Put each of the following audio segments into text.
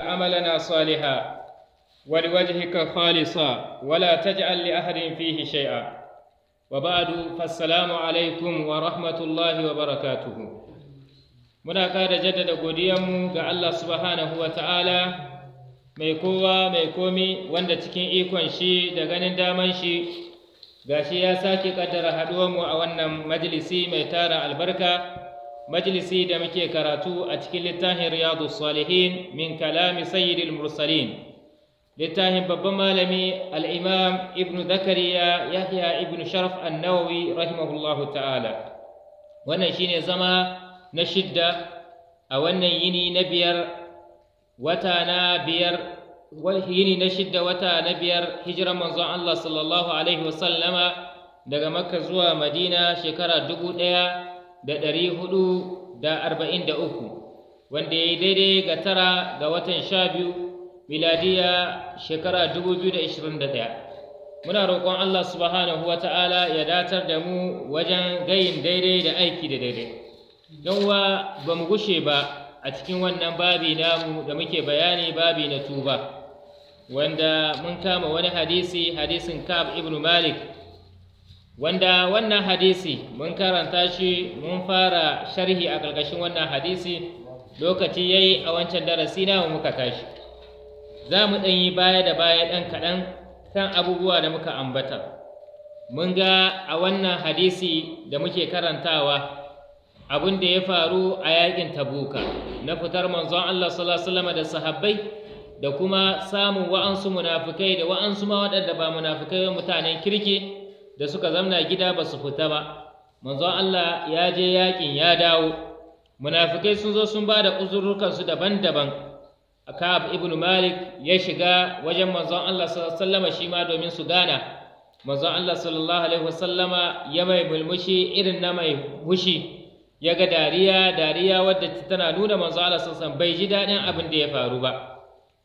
عملنا صالحا ولوجهك خالصا ولا تجعل لأحد فيه شيئا وبعد فالسلام عليكم ورحمة الله وبركاته muna kada jaddada godiyanmu ga Allah subhanahu wa ta'ala mai kowa mai komi wanda cikin ikon shi da ganin daman shi gashi ya sake kaddara mu a wannan majalisi mai tara albarka Majlisi da muke karatu a cikin littafin riyadu salihin min kalami sayyidil mursalin littafin babban malami al'imam ibn zakariya yahya ibn sharaf annawawi rahimahullahu ta'ala wannan shine zama na shidda a wannan yini na biyar wata na biyar yini na shidda wata na biyar hijiran manzon Allah sallallahu alaihi wasallama daga makka zuwa madina shekara dubu ɗaya da ɗari hudu da arba'in da uku wanda ya yi daidai ga tara ga watan sha biyu miladiya shekara dubu biyu da ishirin da ɗaya muna roƙon Allah subhanahu wa ta'ala ya datar da mu wajen gayin daidai da aiki da daidai don wa ba mu gushe ba a cikin wannan babi namu da muke bayani babi na tuba wanda mun kama wani hadisi hadisin kab ibnu malik wanda wannan hadisi mun karanta shi mun fara sharhi a ƙarƙashin wannan hadisi lokaci ya yi a wancan darasi na muka tashi za mu ɗan yi baya da baya ɗan kaɗan kan abubuwa da muka ambata mun ga a wannan hadisi da muke karantawa abin da ya faru a yaƙin tabuka na fitar manzon Allah sallallahu da sahabbai da kuma samun wa'ansu munafikai da wa'ansu ma waɗanda ba munafukai mutanen kirki da suka zamna gida ba su fita ba manzon Allah ya je yakin ya dawo munafikai sun zo sun ba da uzurukansu daban-daban Ka'ab ibn Malik ya shiga wajen manzon Allah sallallahu shi ma domin su gana manzon Allah sallallahu alaihi wasallama ya mai mulmushi irin na mai hushi ya ga dariya dariya wadda tana nuna manzon Allah sallallahu bai ji daɗin abin da ya faru ba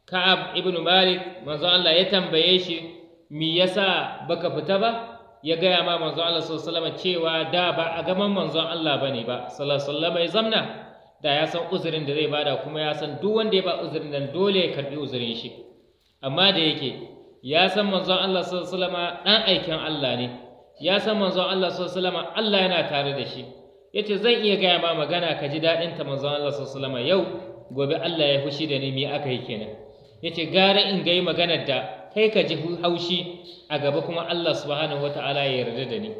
Ka'ab ibn Malik manzon Allah ya tambaye shi me yasa baka fita ba ya gaya ma manzo Allah sallallahu cewa da ba a gaman manzon Allah bane ba sallallahu ya zamna da ya san uzurin da zai bada kuma ya san duk wanda ya ba uzurin nan dole ya karbi uzurin shi amma da yake ya san manzon Allah sallallahu dan aikin Allah ne ya san manzon Allah sallallahu Allah yana tare da shi yace zan iya gaya ma magana ka ji dadin ta manzon Allah sallallahu yau gobe Allah ya fushi da ni me aka yi kenan yace gara in gai maganar da kai ka ji haushi a gaba kuma Allah subhanahu Ta'ala ya yarda da ni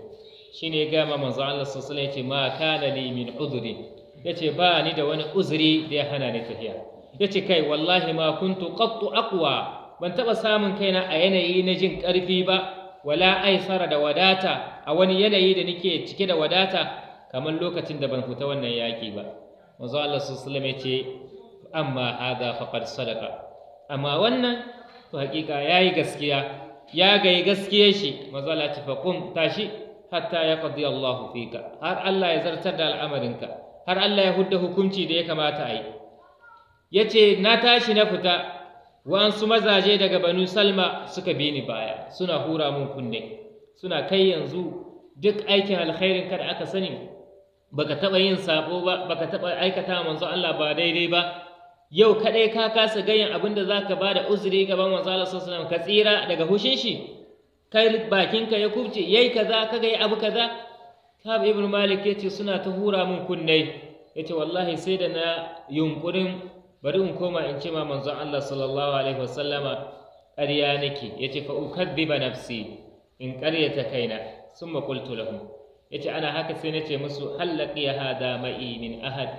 shine ya gama manzo Allah sallallahu alaihi wasallam ma kana li min Ya ce ba ni da wani uzuri da ya hana ni tafiya ce kai wallahi ma kuntu qattu aqwa ban taba samun kaina a yanayi na jin karfi ba wala aisara da wadata a wani yanayi da nake cike da wadata kamar lokacin da ban fita wannan yaki ba manzo Allah sallallahu alaihi wasallam ce amma hadha faqad sadaqa amma wannan to hakika yayi gaskiya ya gayi gaskiyar shi mazala ta tashi hatta ya qadi Allah fika har Allah ya zartar da al'amarinka har Allah ya hudda hukunci da ya kamata a yi Ya ce na tashi na fita wa'ansu mazaje daga Banu Salma suka bi ni baya suna hura mun kunne suna kai yanzu duk aikin alkhairin kada aka sani baka taba yin sabo ba baka taba aikata manzo Allah ba daidai ba yau kaɗai ka kasa gayin abin da za ka ba da uzuri gaban manzala sassalam ka tsira daga hushin shi kai bakinka ya kubce yayi kaza ka yi abu kaza kab ibn malik yace suna ta hura min kunnai Yace, wallahi sai da na yunkurin bari in koma in ce ma manzo Allah sallallahu alaihi wasallama ƙarya nake ya ce fa'ukaddiba nafsi in ƙaryata kaina sun makultu lahu ya ana haka sai na ce musu hallaƙi ya hada ma'i min ahad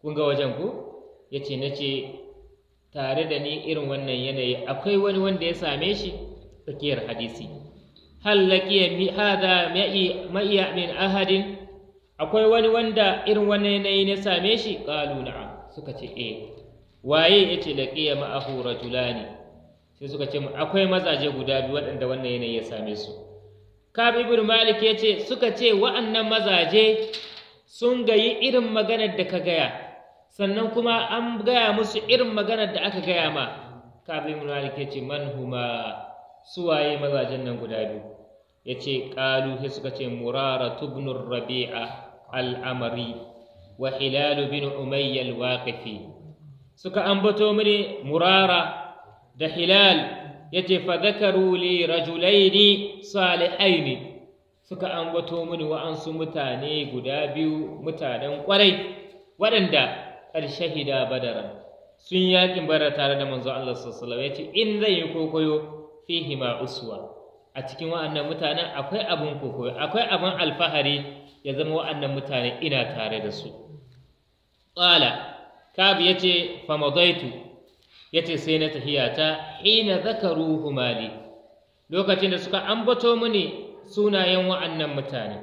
kun ga wajen ku ya ce na ce tare da ni irin wannan yanayi akwai wani wanda ya same shi tsakiyar hadisi Hallakiya hada ma'iya min ahadin akwai wani wanda irin wannan yanayi ne same shi qalu na'am suka ce eh waye ya yace laqiya ma'ahu rajulani sai suka ce akwai mazaje guda biyu waɗanda wannan yanayi ya same su kab ibn malik ya ce suka ce wa'annan mazaje sun gayi irin maganar da ka gaya sannan kuma an gaya musu irin maganar da aka gaya ma kafin malik ya ce man huma suwaye mazajen nan guda biyu ya ce ƙalu sai suka ce murara tubnun rabi'a al'amari wa hilalu bin umayyal wakafi. suka ambato mini murara da hilal ya ce fa zakaru li rajulaini salihaini suka ambato mini wa'ansu mutane guda biyu mutanen ƙwarai waɗanda qad shahida badara sun yakin bara tare da manzo Allah sallallahu alaihi wasallam yace in zai yi kokoyo fihi ma uswa a cikin wa'annan mutanen akwai abin kokoyo akwai abin alfahari ya zama wa'annan mutane ina tare da su qala kab yace famadaitu yace sai na tahiyata ina zakaruhu mali lokacin da suka ambato mini sunayen wa'annan mutane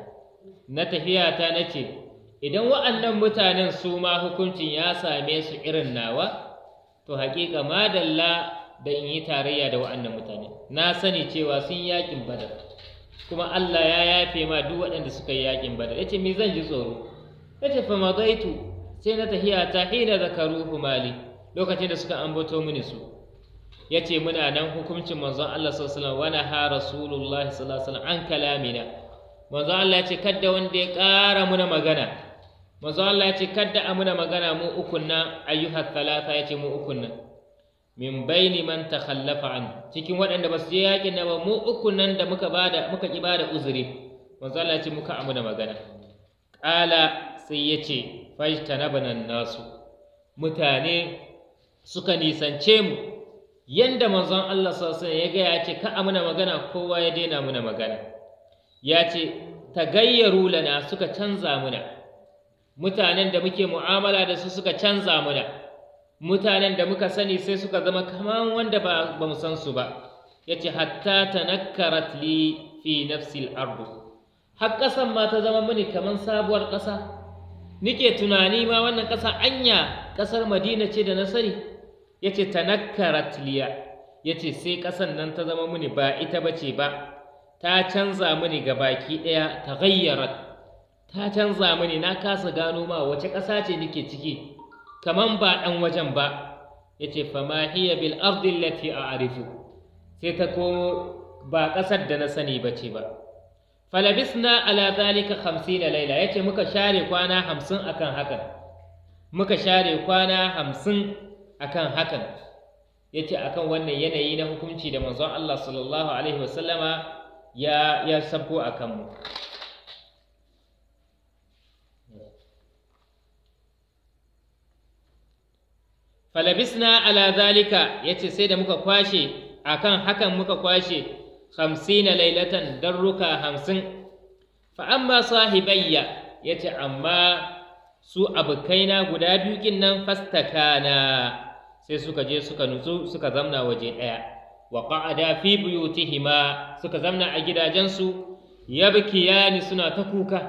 na tahiyata nace idan wa'annan mutanen su ma hukuncin ya same su irin nawa to haƙiƙa ma da in yi tarayya da wa'annan mutane na sani cewa sun yaƙin badar kuma Allah ya yafe ma duk waɗanda suka yi yaƙin badar yace me zan ji tsoro yace fa zaitu, sai na tahiya ta hina karuhu mali lokacin da suka ambato mini su yace muna nan hukuncin manzon Allah sallallahu alaihi wasallam wa naha rasulullahi sallallahu alaihi wasallam an kalamina manzon Allah yace Kadda wanda ya ƙara muna magana manzo Allah ya ce kadda amuna magana mu ukun nan ayyuha thalatha ya ce mu ukun nan min baini man takhallafa an cikin waɗanda ba su je yakin nan ba mu ukun nan da muka bada muka ki bada uzuri manzo Allah ya ce muka amuna magana qala sai ya ce fajtanabana nasu mutane suka nisance mu yanda manzon Allah sallallahu alaihi ya ga ce ka amuna magana kowa ya daina muna magana ya ce tagayyaru lana suka canza muna mutanen da muke mu'amala da su suka canza mu mutanen da muka sani sai suka zama kaman wanda ba ba mu san su ba yace hatta tanakkarat li fi nafsi al-ard har kasan ma ta zama mini kaman sabuwar kasa nike tunani ma wannan kasa anya kasar Madina ce da na sani yace tanakkarat li yace sai kasan nan ta zama mini ba ita bace ba ta canza mini ga baki daya taghayyarat ta canza mani na kasa gano ma wace ƙasa ce nake ciki kaman ba ɗan wajen ba ya ce fama hiya bil ardin lati a arifu sai ta komo ba ƙasar da na sani ba ce ba falabisna ala zalika hamsin da laila ya ce muka share kwana hamsin akan hakan muka share kwana hamsin akan hakan ya ce akan wannan yanayi na hukunci da manzon Allah sallallahu alaihi wasallama ya sabko a kanmu. falabisna ala zalika yace sai da muka kwashe akan hakan muka kwashe hamsina lailatan darruka hamsin fa amma sahibayya yace amma su abokaina guda biyu nan fastakana sai suka je suka nutsu suka zamna waje ɗaya wa qa'ada fi buyutihima suka zamna a gidajensu yabkiyani suna ta kuka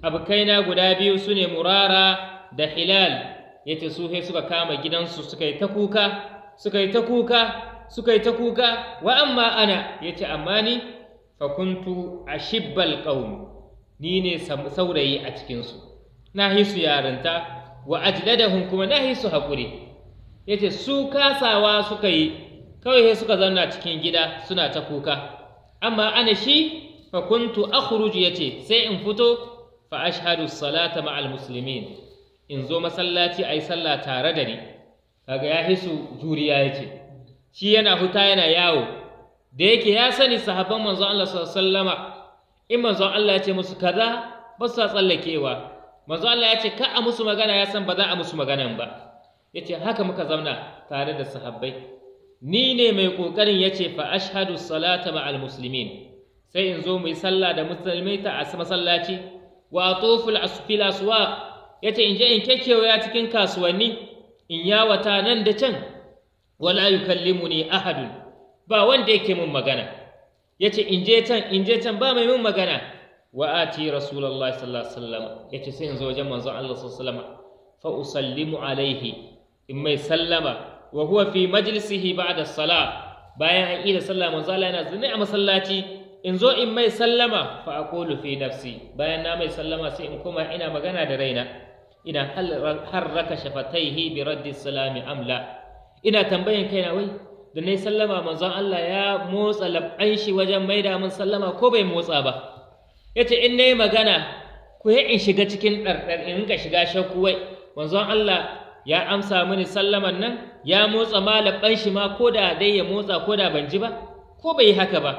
abokaina guda biyu sune murara da hilal Yace su sai suka kama gidansu suka yi ta kuka suka yi ta kuka suka yi ta kuka wa amma ana ya amma ni fa a ashibbal qaum ni ne saurayi a cikinsu na hisu yarinta wa ajladahum kuma na hisu hakuri. ya su kasawa suka yi kawai sai suka zauna cikin gida suna ta kuka amma ana shi fakuntu akhruju ya ce sai in fito fa ashhadu salata ma'al muslimin in zo masallaci a yi sallah tare da ni kaga ya hisu juriya ya shi yana huta yana yawo da yake ya sani sahabban manzo Allah sallama in manzo Allah ya ce musu kaza ba su tsallakewa manzo Allah ya ce ka a musu magana ya san ba za a musu magana ba yace haka muka zauna tare da sahabbai ni ne mai ƙoƙarin ya ce fa ashhadu salata ma'al muslimin sai in zo mu yi sallah da musulmai ta a masallaci wa tuful asfila ya ce in je in kekewaya cikin kasuwanni in yawata nan da can wala ni ahadun ba wanda yake mun magana ya ce in je can in je can ba mai mun magana wa ati rasulullahi sallallahu alaihi wasallam ya ce sai in zo wajen manzon Allah sallallahu alaihi wasallam fa usallimu alaihi in mai sallama wa huwa fi majlisihi ba'da salah bayan an da sallah manzo Allah yana zune a masallaci in zo in mai sallama fa aqulu fi nafsi bayan na mai sallama sai in koma ina magana da raina ina harraka shafataihi bi raddi salami amla ina tambayan kaina wai da nayi sallama manzon Allah ya motsa lab'an shi wajen maida min sallama ko bai motsa ba yace in nayi magana ko ya in shiga cikin ɗarɗar in ka shiga shakku wai manzon Allah ya amsa mini sallaman nan ya motsa ma labban shi ma ko da dai ya motsa ko da ban ji ba ko bai haka ba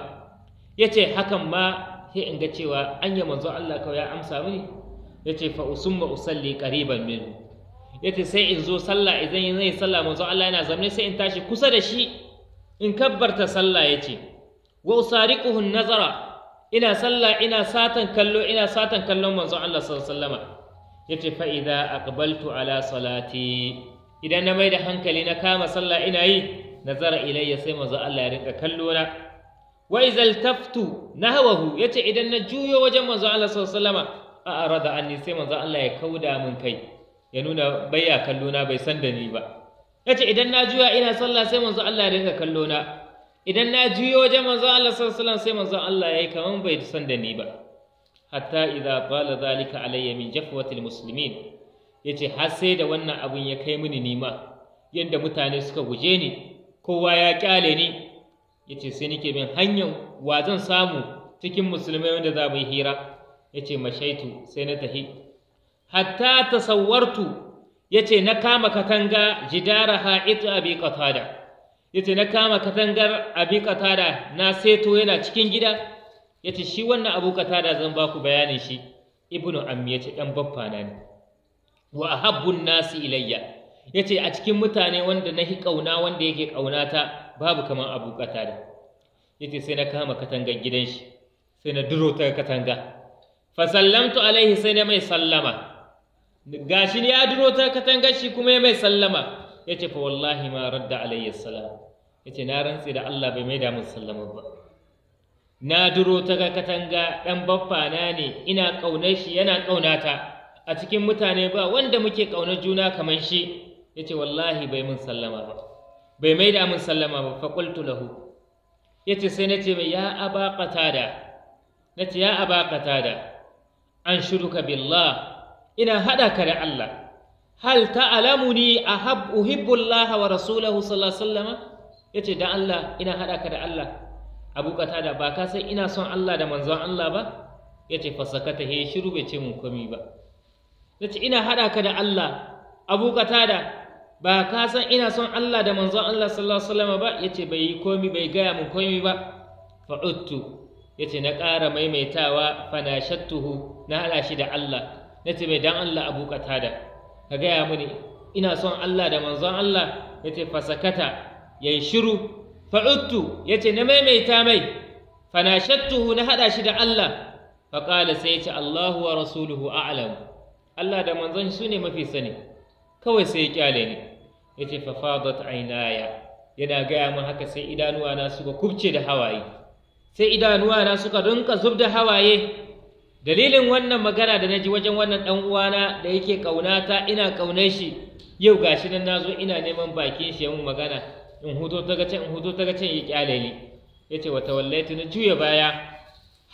yace hakan ma sai in ga cewa anya manzon Allah kawai ya amsa mini yace fa usumma usalli qariban min ce sai in zo sallah idan zai sallah manzo Allah yana zamne sai in tashi kusa da shi in kabbarta sallah yace wa usariquhu nazara ina sallah ina satan kallo ina satan kallon manzo Allah sallallahu Ya ce yace fa idza aqbaltu ala salati idan na mai da hankali na kama sallah ina yi nazara ilayya sai manzo Allah ya rinka kallo na wa idza altaftu nahwahu yace idan na juyo wajen manzo Allah sallallahu alaihi wasallam a arada anni sai manzo Allah ya kauda min kai ya nuna baya kallo na bai san da ni ba yace idan na juya ina sallah sai manzo Allah ya dinga kallo na idan na juyo wajen manzo Allah sallallahu alaihi wasallam sai manzo Allah yayi kaman bai san da ni ba hatta idza qala zalika alayya min jafwatil muslimin yace har sai da wannan abun ya kai mini nima yanda mutane suka guje ni kowa ya kyale ni yace sai nake bin hanyar wa zan samu cikin musulmai wanda za mu yi hira yace mashaitu sai na tahi hatta tasawwartu yace na kama katanga jidara ha'itu abi qatada yace na kama katangar abi qatada na seto yana cikin gida yace shi wannan abu qatada zan ba ku bayanin shi ibnu ammi yace dan baffa na ne wa ahabbun nasi ilayya yace a cikin mutane wanda nahi kauna wanda yake kaunata babu kaman abu qatada yace sai na kama katangar gidan shi sai na duro ta katanga fasallamtu alaihi sai na mai sallama gashi ya duro ta katangar shi kuma ya mai sallama ya ce fa wallahi ma radda alaihi salam ya ce na rantse da Allah bai mai da mun sallama ba na duro ta ga katanga dan baffa na ne ina kaunar shi yana kaunata a cikin mutane ba wanda muke kaunar juna kamar shi ya ce wallahi bai mun sallama ba bai mai da mun sallama ba fa qultu lahu ya ce sai na ce mai ya abaqata da. na ce ya abaqata da an shuruka billah ina haɗa ka da Allah hal ta'lamuni ahab uhibbullaha wa rasulahu sallallahu alaihi wasallam yace da Allah ina haɗa ka da Allah Abu Qatada ba ka san ina son Allah da manzon Allah ba Ya yace fasakata he shiru bai ce mun komi ba Ya ce ina haɗa ka da Allah Abu Qatada ba ka san ina son Allah da manzon Allah sallallahu alaihi wasallam ba yace bai yi komi bai gaya mun komi ba ya ce na ƙara maimaitawa fanashattuhu na haɗa shi da Allah na ce bai dan Allah abu da. ka gaya mini ina son Allah da manzon Allah ya ce fasakata ya yi shiru fa'uttu ya ce na maimaita mai fanashattuhu na haɗa shi da Allah faƙala sai ya ce Allahu wa rasuluhu alamu. Allah da manzon su ne mafi sani kawai sai ya kyale ni ya ce fafadat ainaya yana gaya mun haka sai idanuwa na suka kubce da hawaye sai idanuwa na suka rinka zub da hawaye dalilin wannan magana da na ji wajen wannan dan uwana da yake ƙaunata ina ƙaunar shi yau gashi nan nazo ina neman bakin shi yayin magana in hudo ta can in hudo ta can ya kyale ni yace wa tawallaitu na juya baya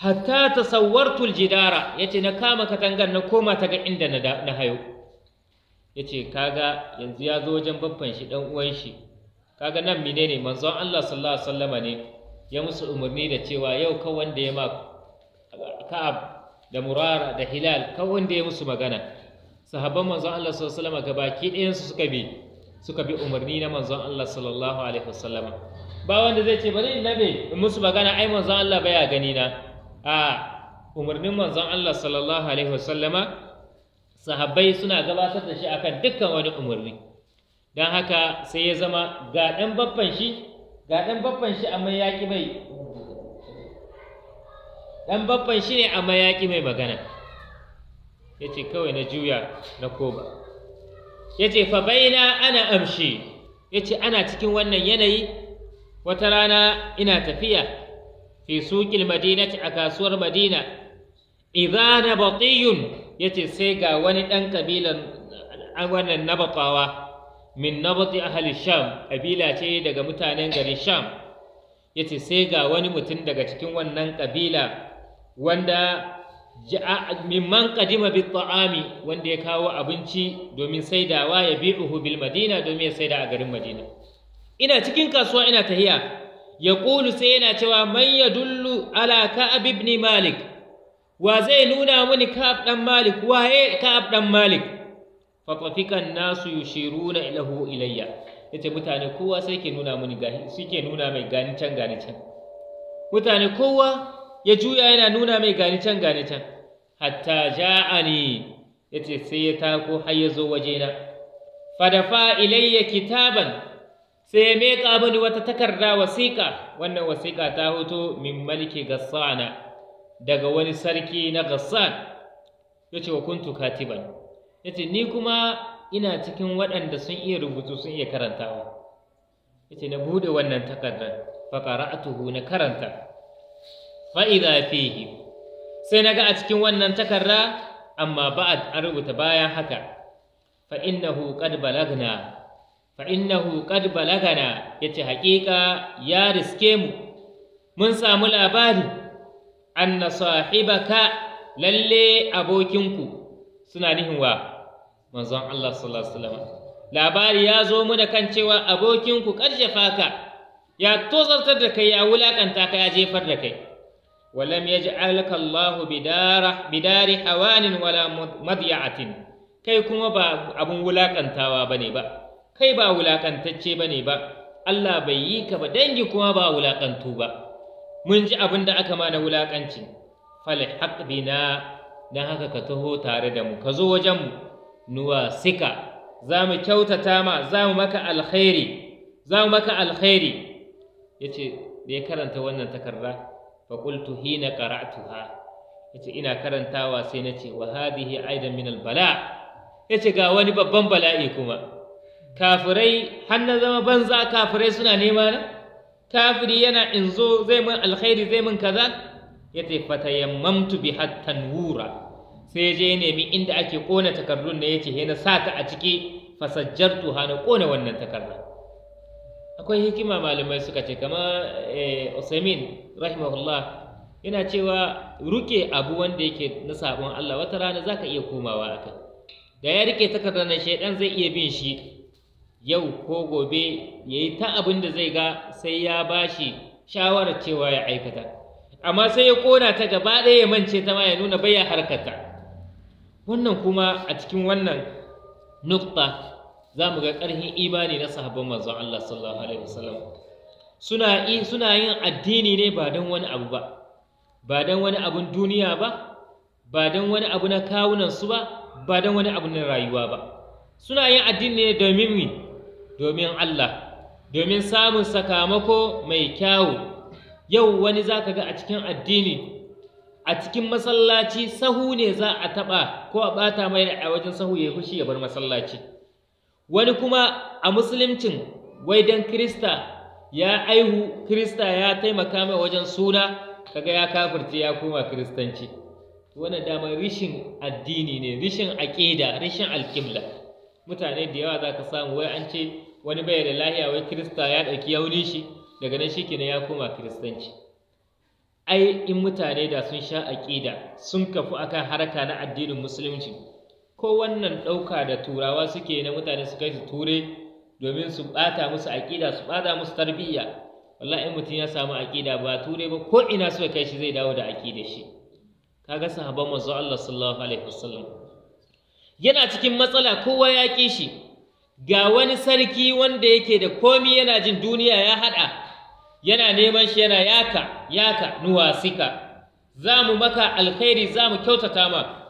hatta tasawwartul jidara yace na kama katangar na koma ta ga inda na hayo yace kaga yanzu ya zo wajen babban shi dan uwan shi kaga nan menene manzon Allah sallallahu alaihi wasallama ne ya musu umarni da cewa yau ka wanda ya ma ka da murara da hilal kan wanda ya musu magana sahabban manzon Allah sallallahu alaihi wasallam gabaki su suka bi suka bi umarni na manzon Allah sallallahu alaihi wasallam ba wanda zai ce bari na me in musu magana ai manzon Allah baya gani na a umarnin manzon Allah sallallahu alaihi wasallama sahabbai suna gabatar da shi akan dukkan wani umarni don haka sai ya zama ga ɗan baffan shi ga ɗan babban shi amma ya bai dan babban shi ne amma yaƙi mai magana ya ce kawai na juya na koba ya ce fa baina ana amshi ya ce ana cikin wannan yanayi wata rana ina tafiya fi suƙil madinati a kasuwar madina idan nabatiyun ya ce sai ga wani ɗan ƙabilan wannan nabatawa min nabati ahli sham ƙabila ce daga mutanen garin sham ya ce sai ga wani mutum daga cikin wannan ƙabila wanda mimman kadima bi ta'ami wanda ya kawo abinci domin saidawa ya bi'uhu bil madina domin ya saida a garin madina ina cikin kasuwa ina tahiya ya kulu sai yana cewa man yadullu ala ka'ab ibn malik wa zai nuna mini ka'ab dan malik waye ka'ab dan malik fa tafikan nasu yushiruna ilahu ilayya yace mutane kowa sai ke nuna mini suke nuna mai gani can gani can mutane kowa ya juya yana nuna mai gani can gani can hatta ja'ani yace sai ya tako har ya zo wajena fadafa ilayya kitaban sai me meka bani wata takarda wasiƙa wannan wasiƙa ta hoto min maliki gassana daga wani sarki na gassan yace wa kuntu katiban yace ni kuma ina cikin waɗanda sun iya rubutu sun iya karantawa yace na bude wannan takardar fa qara'atuhu na karanta fa'iza fihi sai na ga a cikin wannan takarda amma ba'ad an rubuta bayan haka fa innahu qad balagna balagana yace haƙiƙa ya riske mu mun samu labari anna sahibaka lalle abokinku suna nihin wa manzon Allah sallallahu labari ya zo mu da kan cewa abokinku ƙarshe faka ya tozartar da kai ya wulaƙanta ka ya jefar da kai ولم يجعلك الله بدار بدار حوان ولا مضيعة kai kuma ba abun wulakantawa bane ba kai ba wulakantacce bane ba Allah bai yi ka ba dangi kuma ba wulakantu ba mun ji abin da aka mana wulakanci falhaq bina na haka ka taho tare da mu ka zo wajen mu nuwa sika za mu kyautata ma za mu maka alkhairi za mu maka alkhairi yace da ya karanta wannan takarda fa qultu hina yace ina karantawa sai ce wa hadhihi aidan min albala? bala yace ga wani babban bala'i kuma kafirai har na zama banza kafirai suna nema na kafiri yana in zo zai min alkhairi zai min kaza yace fatayammamtu bi hattan wura sai je nemi inda ake kona takardun ne yace he na sata a ciki fasajjartu ha na kona wannan takardar akwai hikima malamai suka ce kama eh, usaimin rahimahullah yana cewa ruke abu wanda yake na sabon Allah wata rana za ka iya komawa a da ya rike takardar na shaidan zai iya bin shi yau ko gobe ya yi ta abin da zai ga sai ya ba shi shawarar cewa ya aikata amma sai ya kona ta gaba ɗaya ya mance ta ma ya nuna baya harkata wannan kuma a cikin wannan nukta za mu ga ƙarfin imani na sahabban manzon Allah sallallahu alaihi wasallam suna suna yin addini ne ba don wani abu ba ba don wani abun duniya ba ba don wani abu na kawunan su ba ba don wani abu na rayuwa ba suna yin addini ne domin mi domin Allah domin samun sakamako mai kyawu yau wani zaka ga a cikin addini a cikin masallaci sahu ne za a taɓa ko a ɓata mai a wajen sahu ya fushi ya bar masallaci wani kuma a musuluncin wai dan krista ya aihu Kirista ya taimaka mai wajen suna kaga ya kafirce ya koma kristanci wannan dama rishin addini ne rishin aƙida rishin alkimla. mutane da yawa za ka samu wai an ce wani bai da lahiya wai Kirista ya ɗauki yauni shi daga nan shikenan ya koma Kiristanci. ai in mutane da sun sha aƙida sun kafu akan harka na addinin musulunci ko wannan ɗauka da turawa suke na mutane su kai su ture domin su ɓata musu aƙida su ɓata musu tarbiyya wallahi in mutum ya samu aƙida ba ture ba ko ina suka kai shi zai dawo da aƙida shi kaga sahabban manzo Allah sallallahu alaihi wasallam yana cikin matsala kowa ya ƙi shi ga wani sarki wanda yake da komi yana jin duniya ya haɗa yana neman shi yana yaka yaka nuwasika za mu maka alkhairi za mu kyautata ma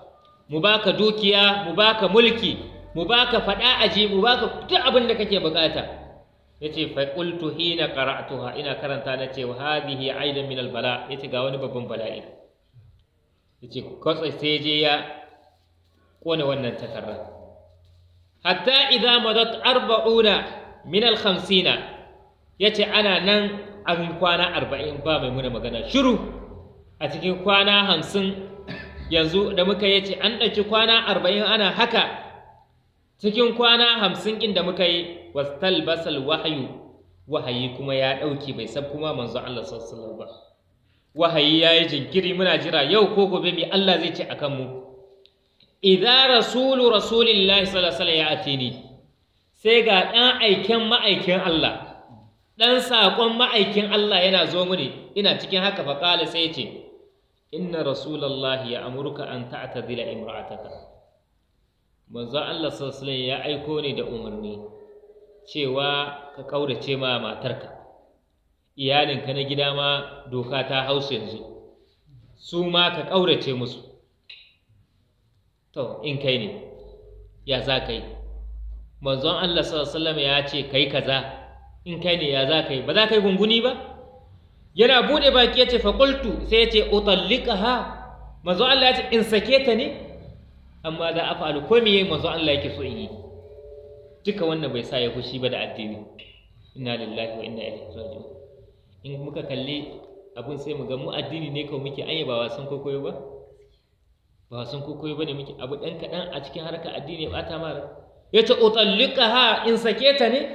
mu baka dukiya mu baka mulki mu baka faɗa aji mu baka duk abin da kake bukata yace fa qultu hina qara'tuha ina karanta na ce wa hadhihi aidan min albala yace ga wani babban bala'i yace kwatsai sai je ya kone wannan takarra hatta idza madat arba'una min al-khamsina yace ana nan abin kwana arba'in ba mai muna magana shiru a cikin kwana hamsin yanzu da muka yi ce an ɗauki kwana arba'in ana haka cikin kwana hamsin inda da muka yi wastal basal wahayu wahayi kuma ya ɗauki bai san kuma manzo Allah sallallahu ba wahayi ya yi jinkiri muna jira yau ko gobe mai Allah zai ce a kanmu Idan rasulu rasulillahi sallallahu alaihi ya atini sai ga ɗan aiken ma'aikin Allah ɗan saƙon ma'aikin Allah yana zo mini ina cikin haka faƙali sai ce inna rasulallahi ya amurka an ta'tadila imra'ataka manzo Allah sallallahu ya aiko ne da umarni cewa ka ƙaurace ma matarka iyalinka na gida ma doka ta hausa yanzu su ma ka ƙaurace musu to in kai ne ya za ka yi manzon Allah sallallahu ya ce kai kaza in kai ne ya za ka yi ba za ka yi gunguni ba yana bude baki yace fa qultu sai yace utalliqaha manzo Allah yace in sake ta ne amma da afa ko me manzo Allah yake so in yi duka wannan bai sa ya fushi ba da addini inna lillahi wa inna ilaihi raji'un in muka kalli abun sai mu ga mu addini ne kawai muke anya ba wasan kokoyo ba ba wasan kokoyo bane muke abu dan kadan a cikin harkar addini ya bata mara yace ha! in sake ta ne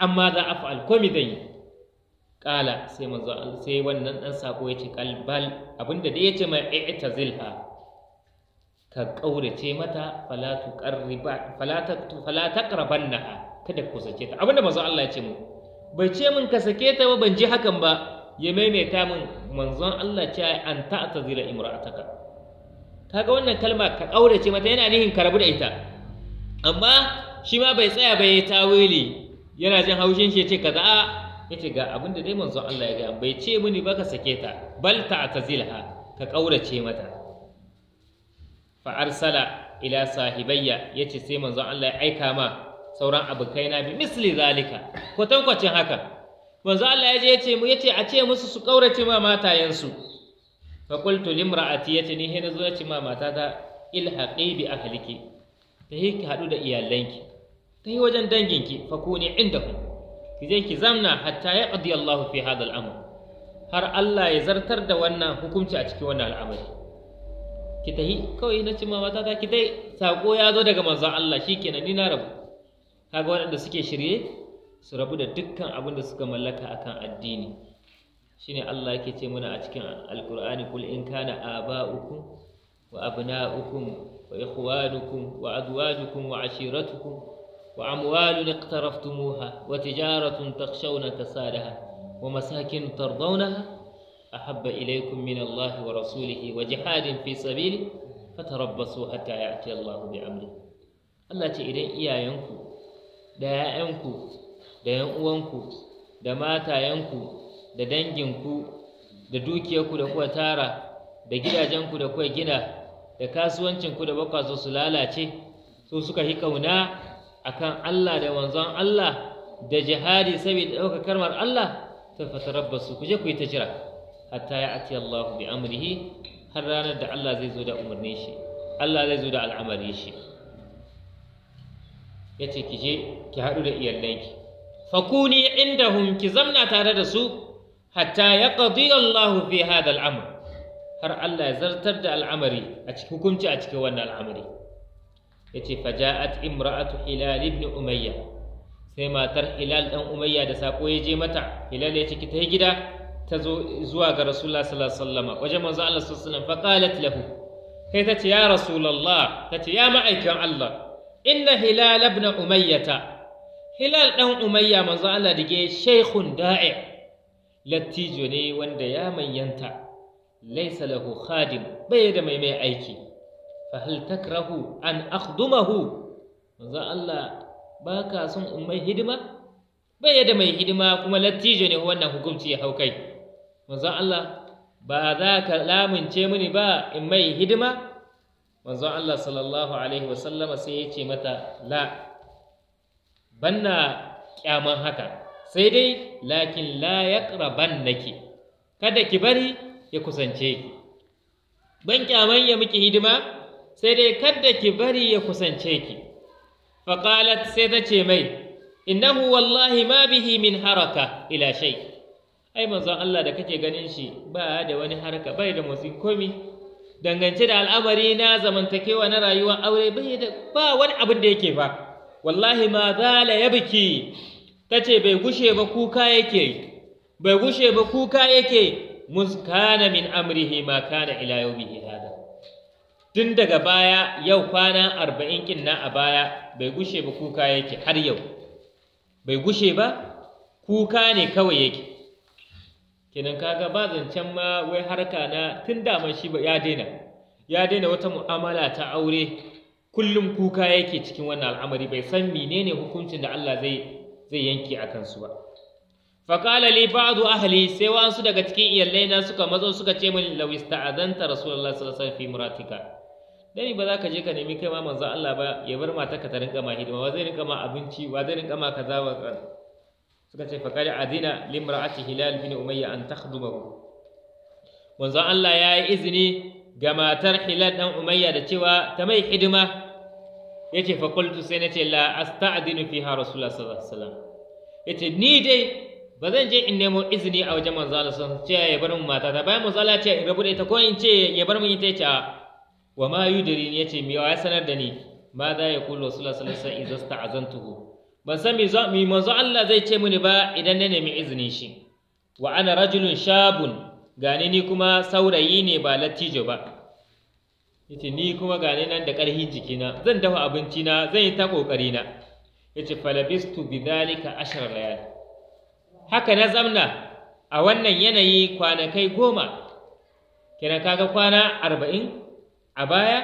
amma da afa ko me zan yi ƙala sai manzo sai wannan ɗan sako ya ce kalbal abinda da ya ce mai i'tazilha ka kaurace mata fala tuqarriba fala taqtu fala taqrabannaha kada ku sake ta abinda manzo Allah ya ce mu bai ce min ka sake ta ba ban ji hakan ba ya maimaita min manzon Allah ce an ta'tazila imra'ataka kaga wannan kalma ka kaurace mata yana nihin ka rabu da ita amma shi ma bai tsaya ba ya tawili yana jin haushin shi ya ce kaza yace ga abin da dai manzon Allah ya ga bai ce mini ba ka sake ta bal ta'tazilha ka kaurace mata fa arsala ila sahibayya yace sai manzon Allah ya aika ma sauran abukaina bi misli zalika kwatankwacin haka manzo Allah ya je ce mu yace a ce musu su kaurace ma matayensu fa qultu limra'ati yace ni hena zo ce ma mata ta ilhaqi bi ahliki ta yi ki hadu da iyalanki ta yi wajen danginki fa kuni ku. ki je ki zamna hatta ya qadi Allah fi hadha al-amr har Allah ya zartar da wannan hukunci a cikin wannan al'amari ki tahi kawai na ce mama ta ki dai sako ya zo daga manzon Allah shikenan ni na rabu kaga waɗanda suke shirye su rabu da dukkan abin da suka mallaka akan addini shine Allah yake ce muna a cikin alqur'ani kul in kana aba'ukum wa abna'ukum wa ikhwanukum wa azwajukum wa ashiratukum وأموال اقترفتموها وتجارة تخشون كسادها ومساكن ترضونها أحب إليكم من الله ورسوله وجهاد في سبيله فتربصوا حتى يأتي الله بأمره Allah ce idan iyayenku da ‘ya'yanku da ‘yan'uwanku da matayenku da danginku da dukiyarku da kuwa tara da gidajenku da kuwa gina da kasuwancinku da bakwa su lalace su suka hi ƙauna akan Allah da manzon Allah da jihadi saboda ɗaukar karmar Allah ta fatarabbasu ku je ku yi ta jira hatta ya ati Allah bi amrihi har ranar da Allah zai zo da umarnin shi Allah zai zo da al'amari shi yace ki je ki haɗu da iyalanki fakuni indahum ki zamna tare da su hatta yaqdi Allah fi hada al'amr har Allah ya zartar da al'amari a cikin hukunci a cikin wannan al'amari yace faja'at imra'atu hilal ibn umayya sai matar hilal dan umayya da sako ya je mata hilal ya ki tafi gida ta zo zuwa ga rasulullah sallallahu alaihi wasallam wajen manzo Allah sallallahu alaihi wasallam fa qalat lahu kai ta ce ya rasulullah ta ce ya ma'aikan Allah inna hilal ibn umayyata hilal dan umayya manzo Allah dige shaykhun da'i lattijo ne wanda ya manyanta laisa lahu khadim bai da mai mai aiki fahil takrahu an akhdumahu manzo Allah ba son in mai hidima bai yadda mai hidima kuma lattijo ne wannan hukunci ya haukai kai manzo Allah ba za ka lamince mini ba in mai hidima manzo Allah sallallahu alaihi sallama sai yace mata la banna kyaman haka sai dai lakin la ya naki, kada ki bari ya kusance ki ban kyaman ya miki hidima sai dai kadda ki bari ya kusance ki faƙalat sai ta ce mai innahu wallahi ma bihi min haraka ila shai ai manzon Allah da kake ganin shi ba da wani haraka bai da motsi komi dangance da al'amari na zamantakewa na rayuwar aure bai da ba wani abin da yake ba wallahi ma zala ya biki ta ce bai gushe ba kuka yake bai gushe ba kuka yake muskana min amrihi ma kana ila yaumihi hada tun daga baya yau kwana arba'in kin nan a baya bai gushe ba kuka yake har yau bai gushe ba kuka ne kawai yake kenan kaga ba zancen ma wai harka na tun damar shi ba ya daina ya daina wata mu'amala ta aure kullum kuka yake cikin wannan al'amari bai san menene hukuncin da Allah zai zai yanke a kansu ba Fakalali li ba'du ahli sai wasu daga cikin iyalai na suka matso suka ce min lawista ista'azanta rasulullahi sallallahu alaihi wasallam fi muratika dani ba za ka je ka nemi kai ma manzo Allah ba ya bar mata ka ta rinka ma hidima wa zai rinka ma abinci wa zai rinka ma kaza wa kaza suka ce faqad adina limra'ati hilal bin umayya an takhdumahu manzo Allah ya yi izini ga matar hilal dan umayya da cewa ta mai hidima yace fa qultu sai nace la asta'dinu fiha rasulullah sallallahu alaihi wasallam yace ni dai ba zan je in nemo izini a wajen manzo Allah sallallahu alaihi wasallam ce ya bar mu mata ta bayan manzo Allah ya ce in rabu da ita ko in ce ya bar mu ita ce wa ma ya yace me ya sanar da ni ma za ya kullu sallallahu alaihi wasallam idza sta'azantuhu ban san me mi manzo Allah zai ce mini ba idan na nemi izinin shi wa ana rajulun shabun gani ni kuma saurayi ne ba lattijo ba yace ni kuma gani nan da ƙarfin jikina zan dafa abinci na zan yi ta kokari na yace falabistu bidhalika ashar layal haka na zamna a wannan yanayi kwanakai goma kenan kaga kwana arba'in a baya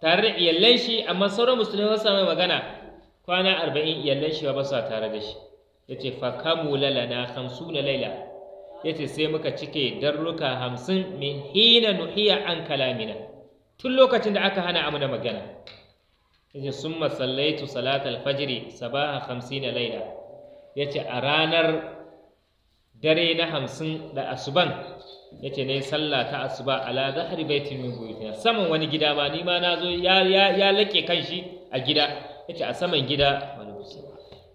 tare da iyallan shi amma sauran musulmi ba sa mai magana kwana arba'in iyallan shi ba sa tare da shi ya ce fa kamula lana hamsu na laila ya ce sai muka cike darruka hamsin min hina nuhiya an kalamina tun lokacin da aka hana amuna magana ya ce sun masallaitu salat alfajiri sabaha hamsi na laila ya ce a ranar dare na hamsin da asuban yace nayi sallah ta asuba ala zahri baitin min buyutina saman wani gida ma ni ma zo ya ya ya lake kanshi a gida yace a saman gida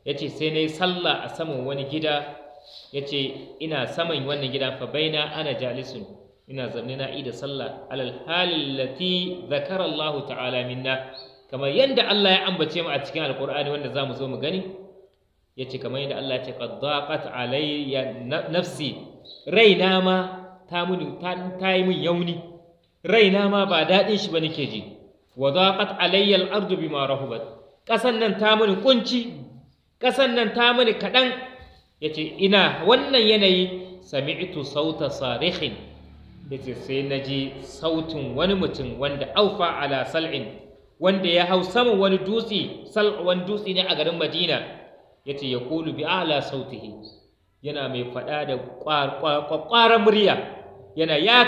ce sai nayi sallah a saman wani gida yace ina saman wannan gida fa baina ana jalisun ina zaune na ida sallah alal halil lati zakara Allah ta'ala minna kamar yadda Allah ya ambace mu a cikin alkur'ani wanda zamu zo mu gani yace kamar yadda Allah ya ce qad daqat alayya nafsi raina ma ta muni ta yi min yauni raina ma ba daɗin shi ba nake ji wa zaqat alayya al-ardu bima rahubat ƙasan nan ta muni kunci ƙasan nan ta muni kaɗan yace ina wannan yanayi sami'tu sauta sarihin yace sai na je sautin wani mutum wanda aufa ala sal'in wanda ya hau saman wani dutse sal wani dutse ne a garin Madina yace yaqulu bi ala sautihi yana mai faɗa da ƙwaƙwaran murya yana ya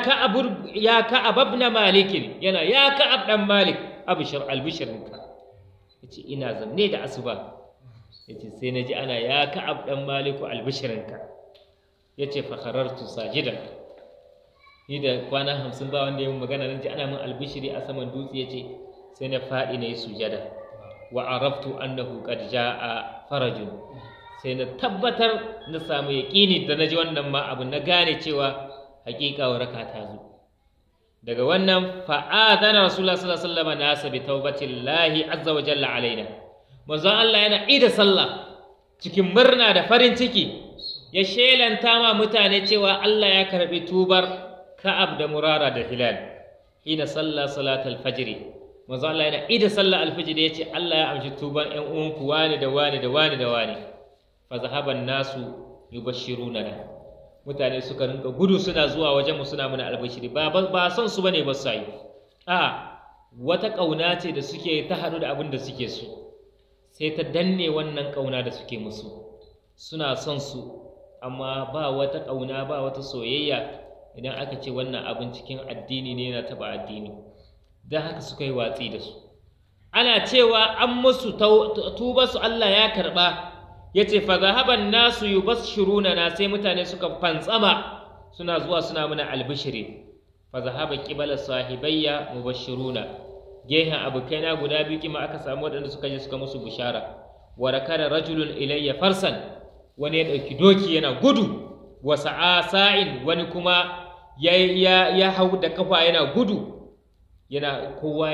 malikin yana ya ɗan malik ina zamne da asuba ya sai na ana ya ɗan fakarartu sajidan ni da kwana hamsin ba wanda ya magana nan ji ana albishiri a saman dutse ya sai na faɗi na yi sujada wa araftu annahu qad a farajun sai na tabbatar na samu yaƙini da na ji wannan ma abu na gane cewa haƙiƙa waraka ta zo daga wannan fa'adana rasulullah sallallahu alaihi wasallam nasa bi taubatillahi azza wa jalla alaina manzon Allah yana ida sallah cikin murna da farin ciki ya shelanta ma mutane cewa Allah ya karbi tubar Ka'ab da Murara da Hilal Ina sallah salatul fajri manzon Allah yana ida sallah ya ce Allah ya amshi tubar ƴan uwanku wani da wani da wani da wani fa zahaban nasu da. mutane suka rinka gudu suna zuwa wajen mu suna mana albashiri ba ba son su bane ba sai a wata kauna ce da suke ta hadu da abin da suke so sai ta danne wannan kauna da suke musu suna son su amma ba wata kauna ba wata soyayya idan aka ce wannan abin cikin addini ne yana taba addini don haka suka yi watsi da su ana cewa an musu tuba su Allah ya karba yace fa zahaban nasu basshiruna na sai mutane suka fantsama suna zuwa suna mana albishiri fa zahaba qibala mu bashiruna. gehen abokaina guda biyu kima aka samu waɗanda suka je suka musu bishara wara kada rajulun ilayya farsan wani ya ɗauki doki yana gudu wa a sa'in wani kuma ya hau da kafa yana gudu yana kowa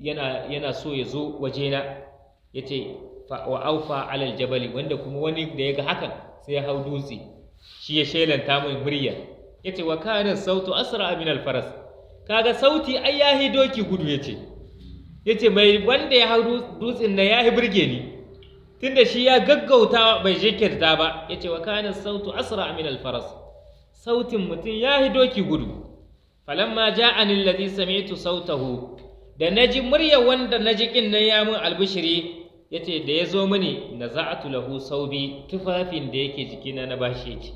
yana so ya zo wajena yace wa aufa alal jabali wanda kuma wani da ya ga hakan sai ya hau dutse shi ya shelanta mai murya ce wa kana sautu asra min al faras kaga sauti ai ya yahi doki gudu ya ce. Ya ce mai wanda ya hau dutsen na yahi birge ni tunda shi ya gaggauta bai jinkirta ba ce wa kana sautu asra min al faras sautin mutum ya yahi doki gudu falamma ja'ani alladhi sami'tu sautahu da naji muryar wanda naji kin nan ya mun albishiri yace da ya zo mini na za a za'atu lahu saubi tufafin da yake jikina na bashi yake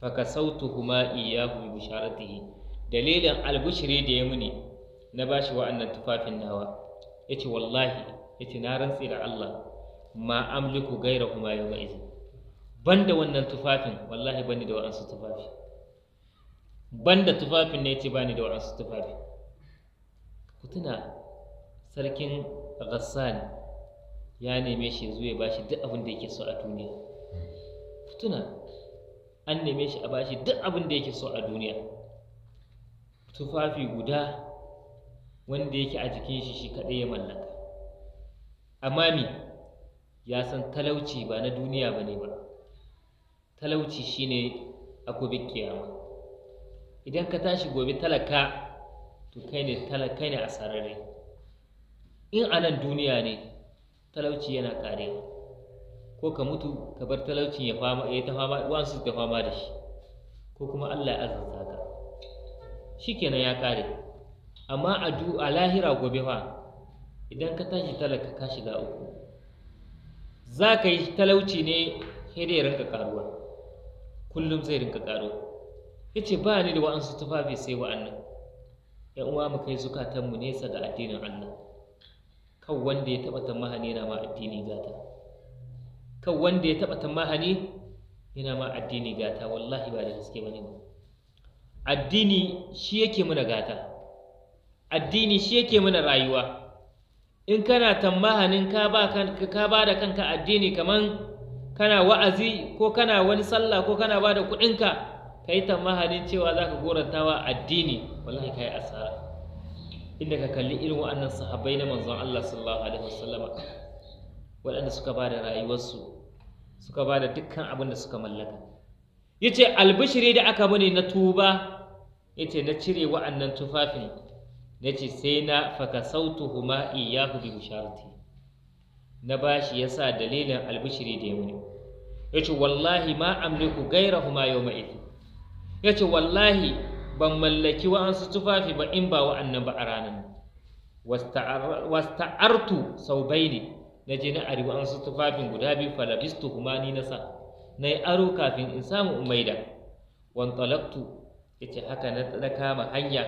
fa kasautuhuma iyyahu bi bisharatihi dalilin albushiri da ya muni na bashi wa'annan tufafin nawa yace wallahi yace na rantsi da Allah ma amliku gairahuma yawma Ban da wannan tufafin wallahi bani da wa'ansu tufafi Ban da tufafin ne ce bani da wa'ansu tufafi ku tuna sarkin Ghassan ya neme shi yanzu ya bashi duk abin da yake so a duniya tuna an neme shi a bashi duk abin da yake so a duniya tufafi guda wanda yake a jikin shi shi kaɗai ya mallaka amma ni ya san talauci ba na duniya ba ne ba talauci shine a gobe kiyama idan ka tashi gobe talaka to kai ne talaka ne a sarari in a nan duniya ne talauci yana ƙarewa ko ka mutu ka bar talaucin ya fama ya ta fama su ta fama da shi ko kuma Allah ya azurta ka shikenan ya ƙare amma a du a lahira gobe fa idan ka tashi talaka ka shiga uku za ka yi talauci ne sai dai rinka karuwa kullum zai rinka karuwa ya ce ba ni da wa'ansu tufafi sai wa'annan ‘yan uwa mu kai zukatanmu nesa ga addinin Allah kan wanda ya taɓa tamahani yana ma addini gata kan wanda ya taɓa tamahani yana ma addini gata wallahi ba da gaske bane addini shi yake mana gata addini shi yake mana rayuwa in kana tamahanin ka ba ka ba da kanka addini kaman kana wa'azi ko kana wani sallah ko kana ba da kuɗinka ka yi tamahanin cewa za ka gorantawa addini wallahi ka yi asara inda ka kalli irin waɗannan sahabbai na manzon Allah sallallahu alaihi wasallama waɗanda suka ba da rayuwarsu suka ba da dukkan abin da suka mallaka yace albishiri da aka mani na tuba yace na cire wa'annan tufafin nace sai na fakasautuhuma iyyahu bi bisharati na bashi yasa dalilin albishiri da ya muni yace wallahi ma amliku ghayrahuma yawma idh yace wallahi ban mallaki wa'ansu tufafi ba in ba wa'annan ba a ranar wasta'artu sau bai ne na je na ari wa'ansu tufafin guda biyu falabistu kuma ni na sa na yi aro kafin in samu umaida wantalaktu ya ce haka na kama hanya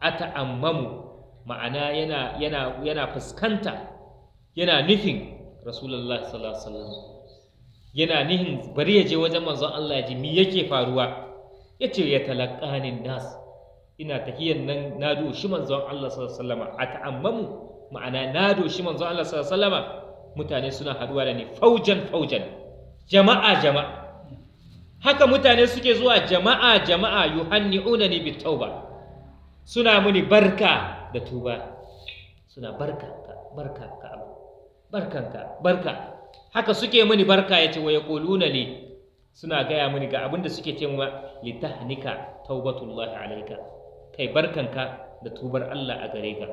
a ta'ammamu ma'ana yana fuskanta yana nufin rasulallah sallallahu alaihi wasallam yana nihin bari ya je wajen manzon Allah ya ji yake faruwa yace ya talaqanin nas ina tahiyan nan na doshi manzon Allah sallallahu alaihi wasallam a ta'ammamu ma'ana na doshi manzon Allah sallallahu alaihi wasallam mutane suna haduwa da ni faujan faujan jama'a jama'a haka mutane suke zuwa jama'a jama'a yuhanni'una ni bit tauba suna muni barka da tuba suna barka ka barka ka barkanka barka haka suke muni barka yace wa yaquluna li suna gaya mini ga abin da suke cewa litahnika taubatullahi alaika kai barkanka da tubar Allah a gare ka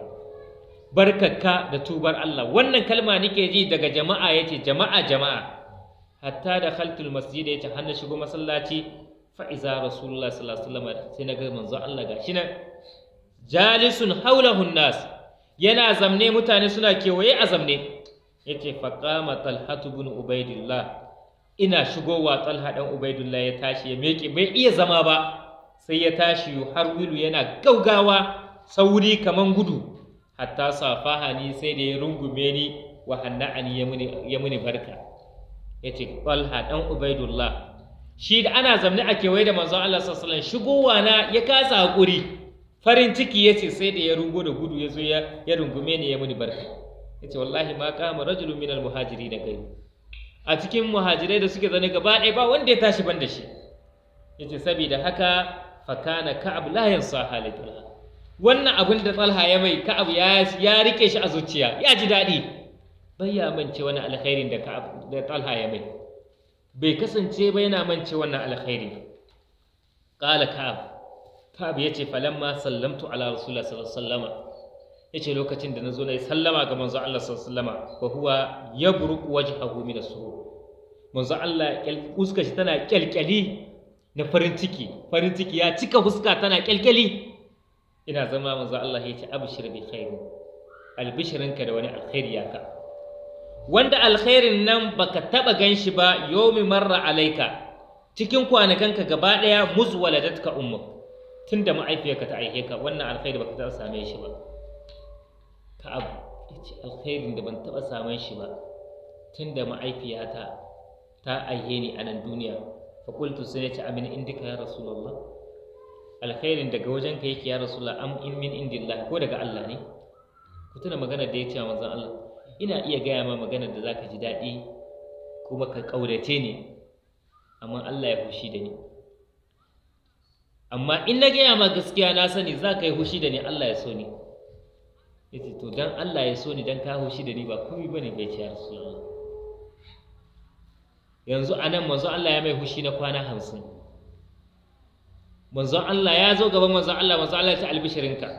barkanka da tubar Allah wannan kalma nake ji daga jama'a yace jama'a jama'a hatta da khaltul masjid yace hannu shigo masallaci fa iza rasulullah sallallahu alaihi wasallam sai naga manzo Allah gashi nan jalisun haulahu nas yana zamne mutane suna kewaye a zamne yace faqama talhatu bin ubaidillah ina shigo wa talha dan ubaidullah ya tashi ya meke bai iya zama ba sai ya tashi har wilu yana gaugawa sauri kaman gudu hatta ni sai da ya rungume ni wa hanna'ani ya muni barka ya ce talha dan ubaidullah shi da ana zamne a kewaye da manzon Allah sallallahu alaihi shigowa na ya kasa hakuri farin ciki yace sai da ya rungo da gudu ya zo ya rungume ni ya muni barka yace wallahi ma kama rajulun minal muhajiri da kai a cikin muhajirai da suke zane gaba ɗaya ba wanda ya tashi ban da shi yace saboda haka fakana ka'ab la yansa halituna wannan abin da tsalha ya mai ka'ab ya ya rike shi a zuciya ya ji daɗi bai ya mance wani alkhairin da ka'ab da tsalha ya mai bai kasance ba yana mance wannan alkhairi qala ka'ab ka'ab yace falamma sallamtu ala rasulullah sallallahu alaihi wasallam yace lokacin da nazo nayi sallama ga manzo Allah sallallahu alaihi wasallam fa huwa yabruq wajhahu min as-surur manzo Allah fuskar shi tana kyalkyali na farin ciki farin ciki ya cika fuska tana kyalkyali ina zama manzo Allah ya abshir bi khair albishirinka da wani alkhairi ya ka wanda alkhairin nan baka taba ganshi ba yomi marra alaika cikin kwanakanka gaba daya muzwaladatka ummuk tunda ma'aifiyarka ta aike ka wannan alkhairi baka taba same shi ba ka'ab ya ce alkhairin da ban taɓa samun shi ba tun da ma'aifiyata ta aihe ni a nan duniya fakultu sai ya ce amin indika ya rasulallah alkhairin daga wajenka yake ya lalla am in min indillah ko daga Allah ne ku tuna magana da ya ce manzon Allah ina iya gaya ma magana da zaka ji daɗi kuma ka ƙaurace ni amma Allah ya fushi da ni amma in na gaya ma gaskiya na sani za ka yi fushi da ni Allah ya so ni yace to dan Allah ya so ni dan ka haushi da ni ba komai bane bai ci rasulullah yanzu a nan manzo Allah ya mai hushi na kwana hamsin manzo Allah ya zo gaban manzo Allah manzo Allah ya ce albishirinka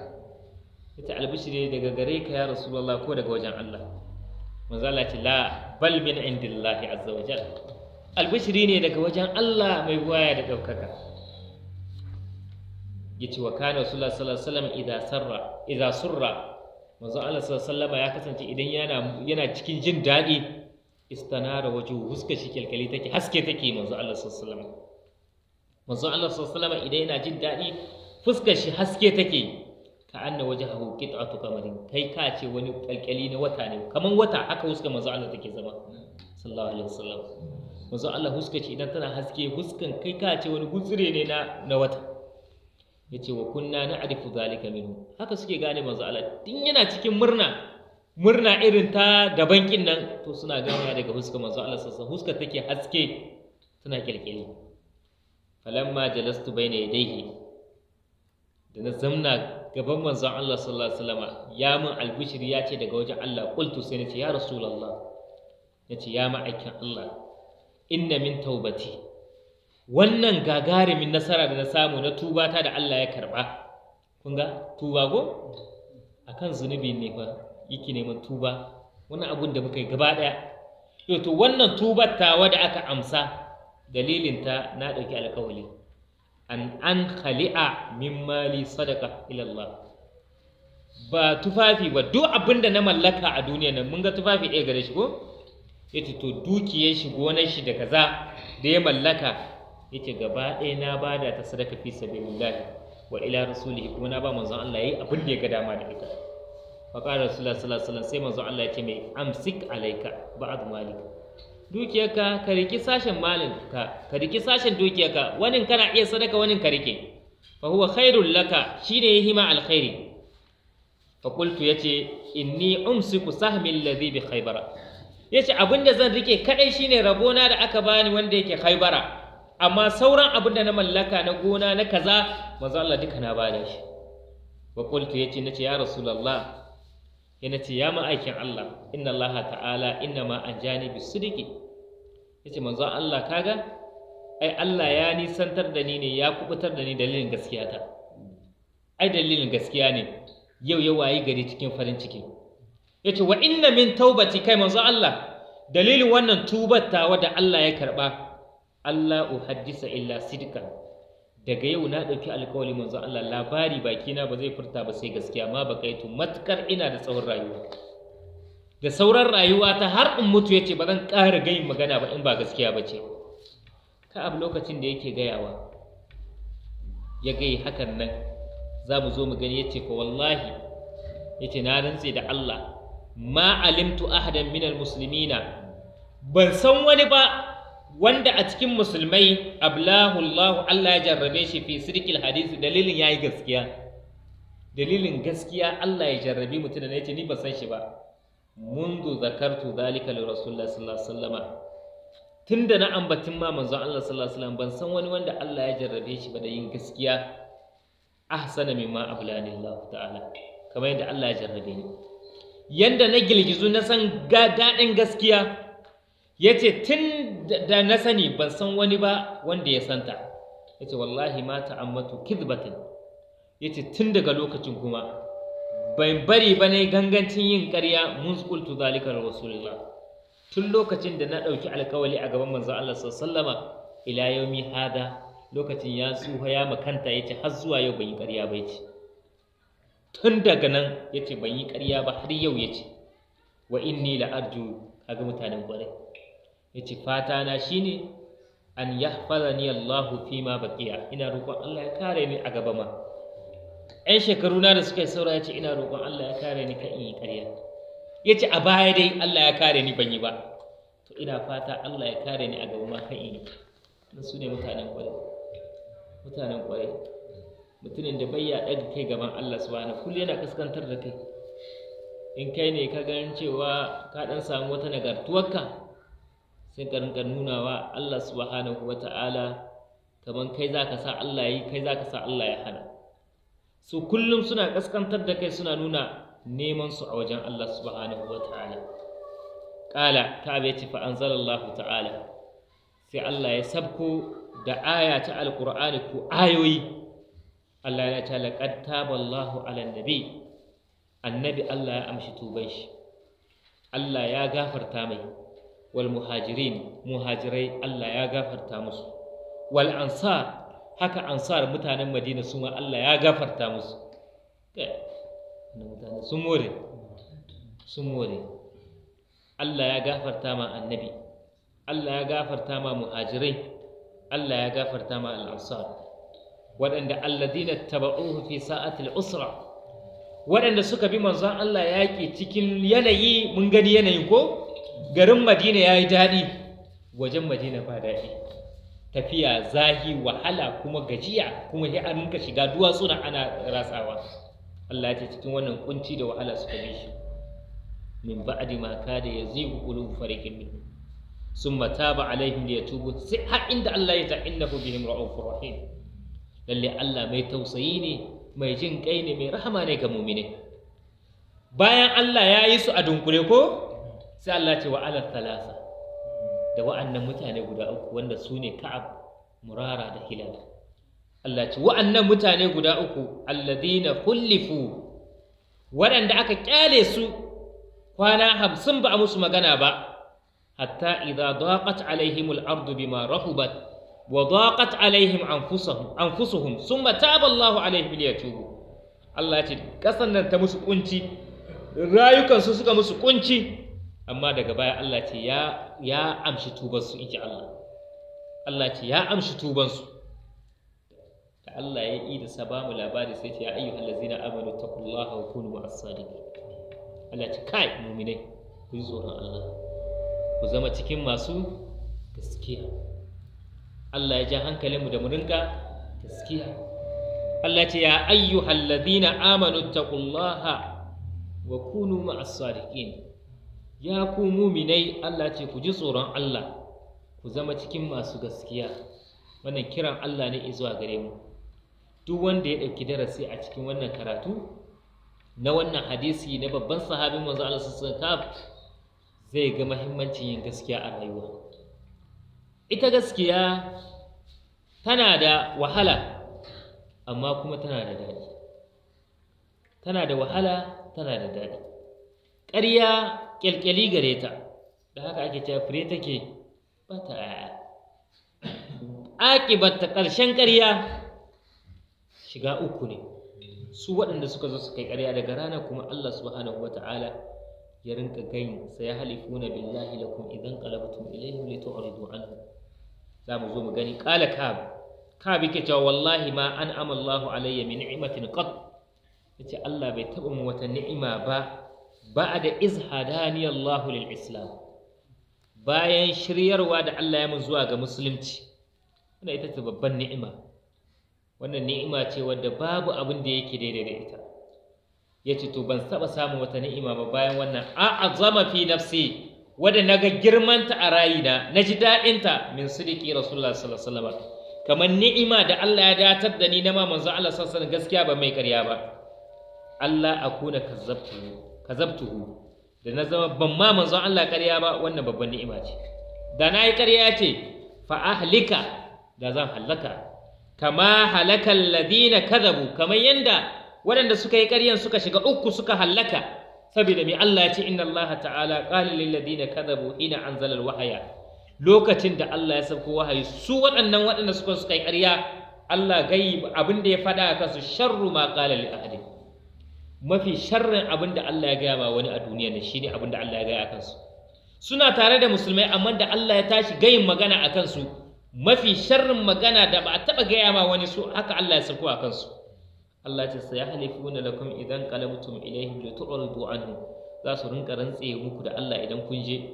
ya ce albishiri daga gare ka ya rasulullah ko daga wajen Allah manzo Allah ya ce la bal min indillahi azza wa jalla albishiri ne daga wajen Allah mai waya da daukaka yace wa kana rasulullah sallallahu alaihi wasallam idza sarra idza surra manzon Allah sallallahu alaihi wasallam ya kasance idan yana yana cikin jin daɗi istanara wajhu huska shi kalkali take haske take manzon Allah sallallahu alaihi wasallam manzon Allah sallallahu alaihi wasallam idan yana jin daɗi fuska shi haske take ka anna wajhahu qit'atu qamarin kai ka ce wani kalkali na wata ne kaman wata haka huska manzon Allah take zama sallallahu alaihi wasallam manzon Allah huska shi idan tana haske huskan kai ka ce wani gutsire ne na na wata yace wa kunna arifu zalika minu. haka suke gane manzo Allah din yana cikin murna murna irin ta da bankin nan to suna ganewa daga huska manzo Allah sassa huska take haske tana kirkiri falamma jalastu baina yadayhi da na zamna gaban manzon Allah sallallahu alaihi wasallam ya mun albishiri ya ce daga wajen Allah qultu sai nace ya rasulullah nace ya ma'aikin Allah inna min taubati wannan gagarumin nasara da na samu na tuba ta da Allah ya karba kun ga tuba go akan zunubi ne fa yake neman tuba wannan abun da muka yi gaba daya to wannan tubar tawa da aka amsa dalilin ta na dauki alƙawali an an khali'a min mali sadaqa ila Allah ba tufafi ba duk abin da na mallaka a duniya nan mun ga tufafi ɗaya gare shi ko yace to dukiyar shi gonar shi da kaza da ya mallaka yace gaba ɗaya na bada ta sadaka fi sabilillah wa ila rasulihi kuma na ba manzon Allah yayi abin da ya ga dama da ita fa qala rasulullah sallallahu alaihi wasallam sai manzon Allah yace mai amsik alaika ba'd malik dukiyarka ka riki sashen malin ka ka riki sashen dukiyarka wani kana iya sadaka wani ka rike fa huwa khairul laka shine yayi hima alkhairi fa qultu yace inni umsiku sahmi alladhi bi khaybara yace abinda zan rike kadai shine rabona da aka bani wanda yake khaybara amma sauran abin da na mallaka na gona na kaza manzo Allah duka na bada shi wa qultu yace nace ya rasulullah ya ce ya ma'aikin Allah inna Allah ta'ala inna ma anjani bi sidiqi yace manzo Allah kaga ai Allah ya nisantar da ni ne ya kubutar da ni dalilin gaskiya ta ai dalilin gaskiya ne yau ya wayi gari cikin farin ciki yace wa inna min taubati kai manzo Allah dalilin wannan tubar tawa da Allah ya karba Allah uhaddisa illa sidqan daga yau na ɗauki alkawali manzo Allah labari na ba zai furta ba sai gaskiya ma ba kaitu matkar ina da tsawon rayuwa da sauran rayuwa ta har in mutu yace ba zan ƙara gayin magana ba in ba gaskiya ba ce ka abu lokacin da yake gayawa ya gai hakan nan za mu zo mu gani yace ko wallahi yace na rantse da Allah ma alimtu ahadan minal muslimina ban san wani ba wanda a cikin musulmai ablahu Allah ya jarrabe shi fi sirkil hadisi dalilin yayi gaskiya dalilin gaskiya Allah ya jarrabi mutum da yace ni ban san shi ba منذ ذكرت ذلك لرسول الله صلى الله عليه tunda na ambatin ma manzon Allah ban san wani wanda Allah ya jarrabe shi ba da yin gaskiya ahsana mimma ablani Allah ta'ala kamar yadda Allah ya jarrabe ni yanda na gilgizu na san dadin gaskiya ya ce tun da na sani ban san wani ba wanda ya santa ya ce wallahi ma ta'ammatu kizbatin ya ce tun daga lokacin kuma bai bari ba na gangancin yin ƙarya mun kultu zalika da rasulullah tun lokacin da na ɗauki alkawali a gaban manzo Allah sallama ila yaumi hada lokacin ya tsuha ya makanta ya ce har zuwa yau ban yi ƙarya ba ce tun daga nan ya ce ban yi karya ba har yau ya ce wa inni la arju kaga mutanen ƙwarai yace fata na shine an yahfazani Allah fi ma baqiya ina roƙon Allah ya kare ni a gaba ma ɗan shekaru na da suka yi saura yace ina roƙon Allah ya kare ni kan in yi ƙarya yace a baya dai Allah ya kare ni ban yi ba to ina fata Allah ya kare ni a gaba ma kan in yi su ne mutanen kwarai. mutanen ƙwarai mutumin da bai ya ɗaga kai gaban Allah subhanahu kullu yana kaskantar da kai in kai ne ka ganin cewa ka ɗan samu wata nagartuwarka sai ka rinka nunawa Allah subhanahu ta’ala kaman kai za ka sa Allah yi kai za ka sa Allah ya hana su kullum suna kaskantar da kai suna nuna neman su a wajen Allah subhanahu ƙala qala ka'ab yace fa anzalallahu ta'ala sai Allah ya sabko da aya ta alqur'ani ko ayoyi Allah ya ce laqad taballahu ala nabi annabi Allah ya amshi tuban shi Allah ya gafarta mai wal muhajirin muhajirai Allah ya gafarta musu wal ansar haka ansar mutanen madina su Allah ya gafarta musu mutane sun more sun more Allah ya gafarta ma annabi Allah ya gafarta ma muhajirai Allah ya gafarta ma al-ansar waɗanda alladina taba'uhu fi sa'atil usra waɗanda suka bi manzon Allah yaƙi cikin yanayi mun gani yanayin ko garin madina ya yi daɗi wajen madina ba daɗi tafiya zahi wahala kuma gajiya kuma ya an rinka shiga duwatsu na ana rasawa Allah ya ce cikin wannan kunci da wahala su kame shi min ba'di ma da yazihu qulubu fariqin min summa taba alaihim yatubu sai har inda Allah ya ta innahu bihim ra'ufur rahim lalle Allah mai tausayi ne mai jin kai ne mai rahama ne ga mu'mini bayan Allah ya yi su a dunkule ko sai Allah ce wa alal thalatha da wa'annan mutane guda uku wanda sune Ka'ab Murara da Hilal Allah ce wa'annan mutane guda uku alladhina kullifu waɗanda aka kyale su kwana hamsin ba a musu magana ba hatta idza daqat alaihim al-ardu bima rahubat wa daqat alaihim anfusuhum anfusuhum thumma taba Allahu alaihim liyatubu Allah ce kasan nan ta musu kunci rayukansu suka musu kunci amma daga baya Allah ce ya amshi tubansu inji Allah Allah ce ya amshi tubansu da Allah ya yi da sabamu labari sai ce ya ayyuhal ladzina amanu taqullaha wa kunu ma'as sadiqin Allah ce kai mu'minai ku yi tsoron Allah ku zama cikin masu gaskiya Allah ya ja hankalinmu da murinka gaskiya Allah ce ya ayyuhal ladzina amanu taqullaha wa kunu ma'as sadiqin ya ku muminai Allah ce ku ji tsoron Allah ku zama cikin masu gaskiya wannan kiran Allah ne zuwa gare mu duk wanda ya ɗauki darasi a cikin wannan karatu na wannan hadisi na babban sahabin manzo Allah sallallahu alaihi zai ga muhimmancin yin gaskiya a rayuwa ita gaskiya tana da wahala amma kuma tana da daɗi tana da wahala tana da daɗi ƙarya kyalkyali gare ta da haka ake cewa fure take ba ta aya ƙarshen ƙarya shiga uku ne su waɗanda suka zo suka kai ƙarya daga rana kuma Allah subhanahu wa ta'ala ya rinka gani sai halifuna billahi lakum idan qalabtum ilayhim tu'ridu anhu za mu zo mu gani qala kab kab yake cewa wallahi ma an amallahu alayya min ni'matin qat yace Allah bai taba mu wata ni'ima ba ba'a da hadani Allahu lil Islam bayan shiryarwa da Allah ya mun zuwa ga musulunci wannan ita ce babban ni'ima wannan ni'ima ce wadda babu abin da yake daidai da ita yace to ban saba samun wata ni'ima ba bayan wannan azama fi nafsi wadda na ga girmanta a rayina na ji daɗinta min sidiki rasulullah sallallahu alaihi wasallam kamar ni'ima da Allah ya datar da ni na ma manzo Allah sallallahu alaihi wasallam gaskiya ba mai ƙarya ba Allah akuna kazzabtu kazabtuhu da na zama ban ma manzon Allah ƙarya ba wannan babban ni'ima ce da na yi ƙarya ce fa ahlika da zan halaka, kama halaka ladina kazabu kamar yanda waɗanda suka yi ƙaryan suka shiga uku suka halaka, saboda mai Allah ya ce inna Allah ta'ala qala lil ladina kazabu ina anzala al wahaya lokacin da Allah ya sauko wahayi su waɗannan waɗanda suka suka yi ƙarya Allah gai abin da ya faɗa kansu sharru ma qala li ahadin mafi sharrin abin da Allah ya gaya ma wani a duniya ne shine abin da Allah ya gaya akan su suna tare da musulmai amma da Allah ya tashi gayin magana a kansu mafi sharrin magana da ba a taɓa gaya ma wani su haka Allah ya sako a kansu Allah ce sai halifuna lakum idan qalabtum ilaihim la anhu za su rinka rantse muku da Allah idan kun je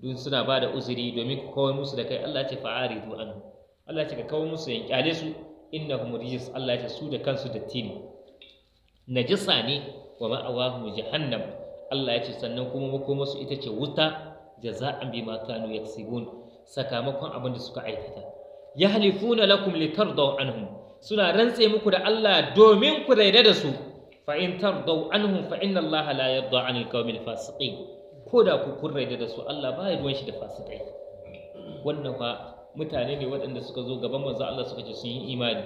dun suna ba da uzuri domin ku kawai musu da kai Allah ce fa'aridu anhu Allah ce ka kawai musu yan su innahum rijis Allah ce su da kansu datti ne najisa ne wa ma'awahu jahannam Allah ya ce sannan kuma makomarsu ita ce wuta jaza'an bima kanu yaksibun sakamakon abin da suka aikata yahlifuna lakum litardaw anhum suna rantse muku da Allah domin ku daida da su fa in tardaw anhum fa inna Allah la yarda 'anil qawmil fasiqin ko da ku kun raida da su Allah ba ya ruwan shi da fasikai wannan fa mutane ne waɗanda suka zo gaban manzo Allah suka ce sun yi imani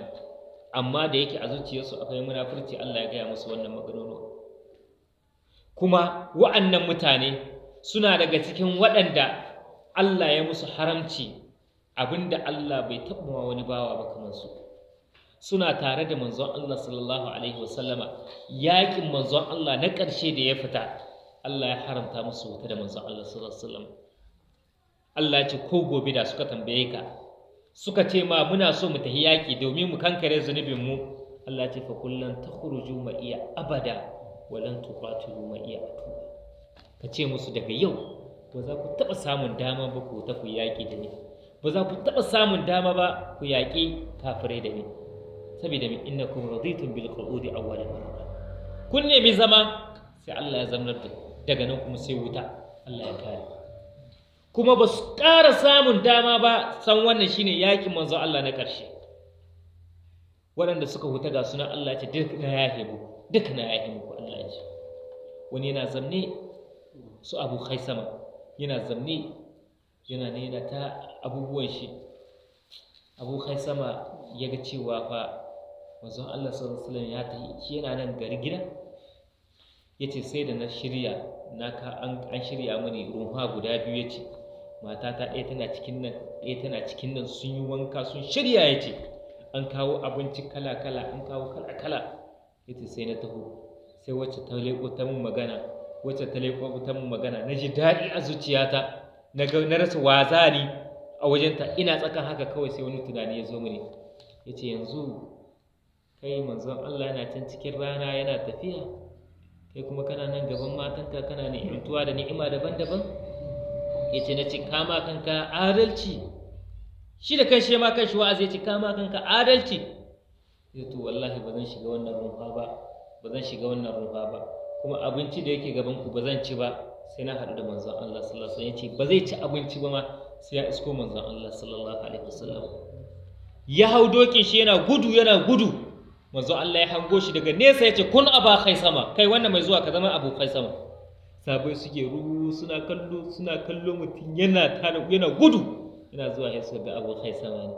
amma da yake a zuciyarsu akwai munafurci Allah ya gaya musu wannan maganonu kuma wa'annan mutane suna daga cikin waɗanda Allah ya musu haramci abinda Allah bai taɓa wani bawa ba kamar su suna tare da manzon Allah sallallahu alaihi wasallama yakin manzon Allah na ƙarshe da ya fita Allah ya haramta musu wuta da manzon Allah sallallahu alaihi wasallam Allah ya ce ko gobe da suka tambaye ka suka ce ma muna so mu tafi yaƙi domin mu kankare zunubinmu Allah ce fa kullum ta khuruju ma iya abada walan tufatu ma iya ka ce musu daga yau ba za ku taɓa samun dama ba ku ta ku yaƙi da ni ba za ku taɓa samun dama ba ku yaƙi kafirai da ni saboda min innakum raditum bil qaudi awwalan kun nemi zama sai Allah ya zamnar daga nan kuma sai wuta Allah ya kare kuma ba su ƙara samun dama ba san wannan shi ne yaƙin manzon Allah na ƙarshe waɗanda suka huta ga sunan Allah ce duk na ya mu duk na yahe ko Allah ya ce wani yana zamne su abu sama. yana zamne yana ne yana ta abubuwan shi abu sama ya ga cewa fa manzon Allah sallallahu alaihi ya ya tafi yana nan gari gida yace sai da na shirya na ka an shirya mini ruha guda biyu yace mata ta ɗaya tana cikin nan ɗaya tana cikin nan sun yi wanka sun shirya ya ce an kawo abinci kala kala an kawo kala kala ce sai na taho sai wacce ta leƙo ta mun magana wacce ta leƙo ta mun magana na ji daɗi a zuciyata na ga na rasa wazani a wajenta ina tsakan haka kawai sai wani tunani ya zo mini yace yanzu kai manzon Allah yana can cikin rana yana tafiya kai kuma kana nan gaban matanka kana ni'imtuwa da ni'ima daban-daban yace na ci kama kanka adalci shi da shi ma wa zai ci kama kanka adalci zai to wallahi ba zan shiga wannan rumfa ba ba zan shiga wannan rumfa ba kuma abinci da yake gaban ku ba zan ci ba sai na haɗu da manzon Allah sallallahu alaihi wasallam yace ba zai ci abinci ba ma sai ya isko manzon Allah sallallahu alaihi wasallam ya hau dokin shi yana gudu yana gudu manzo Allah ya hango shi daga nesa yace kun aba kai sama kai wannan mai zuwa ka zama abu kai sama sabai suke ruhu suna kallo suna kallo mutum yana tare yana gudu yana zuwa ya ga abu kai sama ne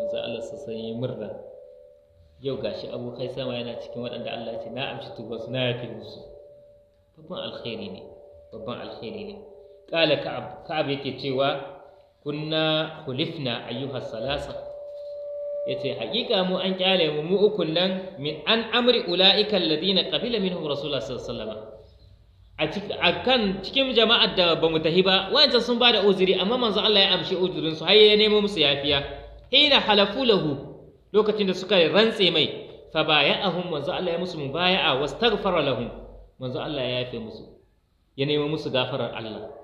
manzo Allah sa san yi murna yau gashi abu kai sama yana cikin waɗanda Allah ce na amshi tuba su na yafe musu babban alkhairi ne babban alkhairi ne qala ka'ab ka'ab yake cewa kunna khulifna ayyuha salasa ya ce hakika mu an kyale mu mu ukun nan min an amri ula'ika alladhina qabila minhum rasulullah sallallahu alaihi wasallam a kan cikin jama'ar da ba mu tahi ba wancan sun ba da uzuri amma manzo Allah ya amshi uzurin su har ya nemo musu yafiya hina halafu lahu lokacin da suka rantse mai fa baya'ahum manzo Allah ya musu mubaya'a wastaghfara lahum manzo Allah ya yafe musu ya nemo musu gafarar Allah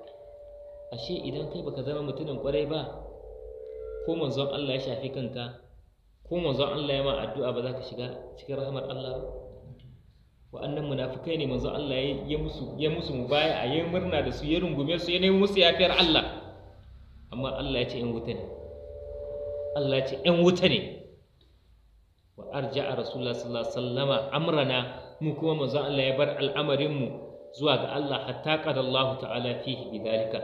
ashe idan kai baka zama mutumin kwarai ba ko manzon Allah ya shafi kanka ko manzon Allah ya ma addu'a ba za ka shiga cikin rahmar Allah ba wa'annan munafikai ne manzo Allah ya musu ya musu A ya murna da su ya rungume su ya nemi musu yafiyar Allah amma Allah ya ce in wuta ne Allah ya ce in wuta ne wa arja'a rasulullahi sallallahu alaihi wasallama amrana mu kuma manzo Allah ya bar al'amarin mu zuwa ga Allah hatta qadallahu ta'ala fihi bidalika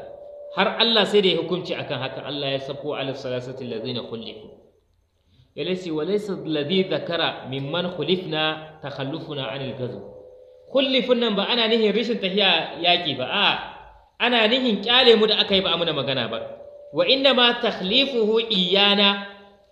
har Allah sai da ya hukunci akan haka Allah ya sako alif salasati allazina khulifu yalaysi walaysa alladhi dhakara mimman khulifna takhallufuna anil gazu kullifin nan ba ana nihin rishin tahiya yaƙi ba a ana nihin kyale mu da aka yi ba amuna magana ba wa inna ma takhlifuhu iyana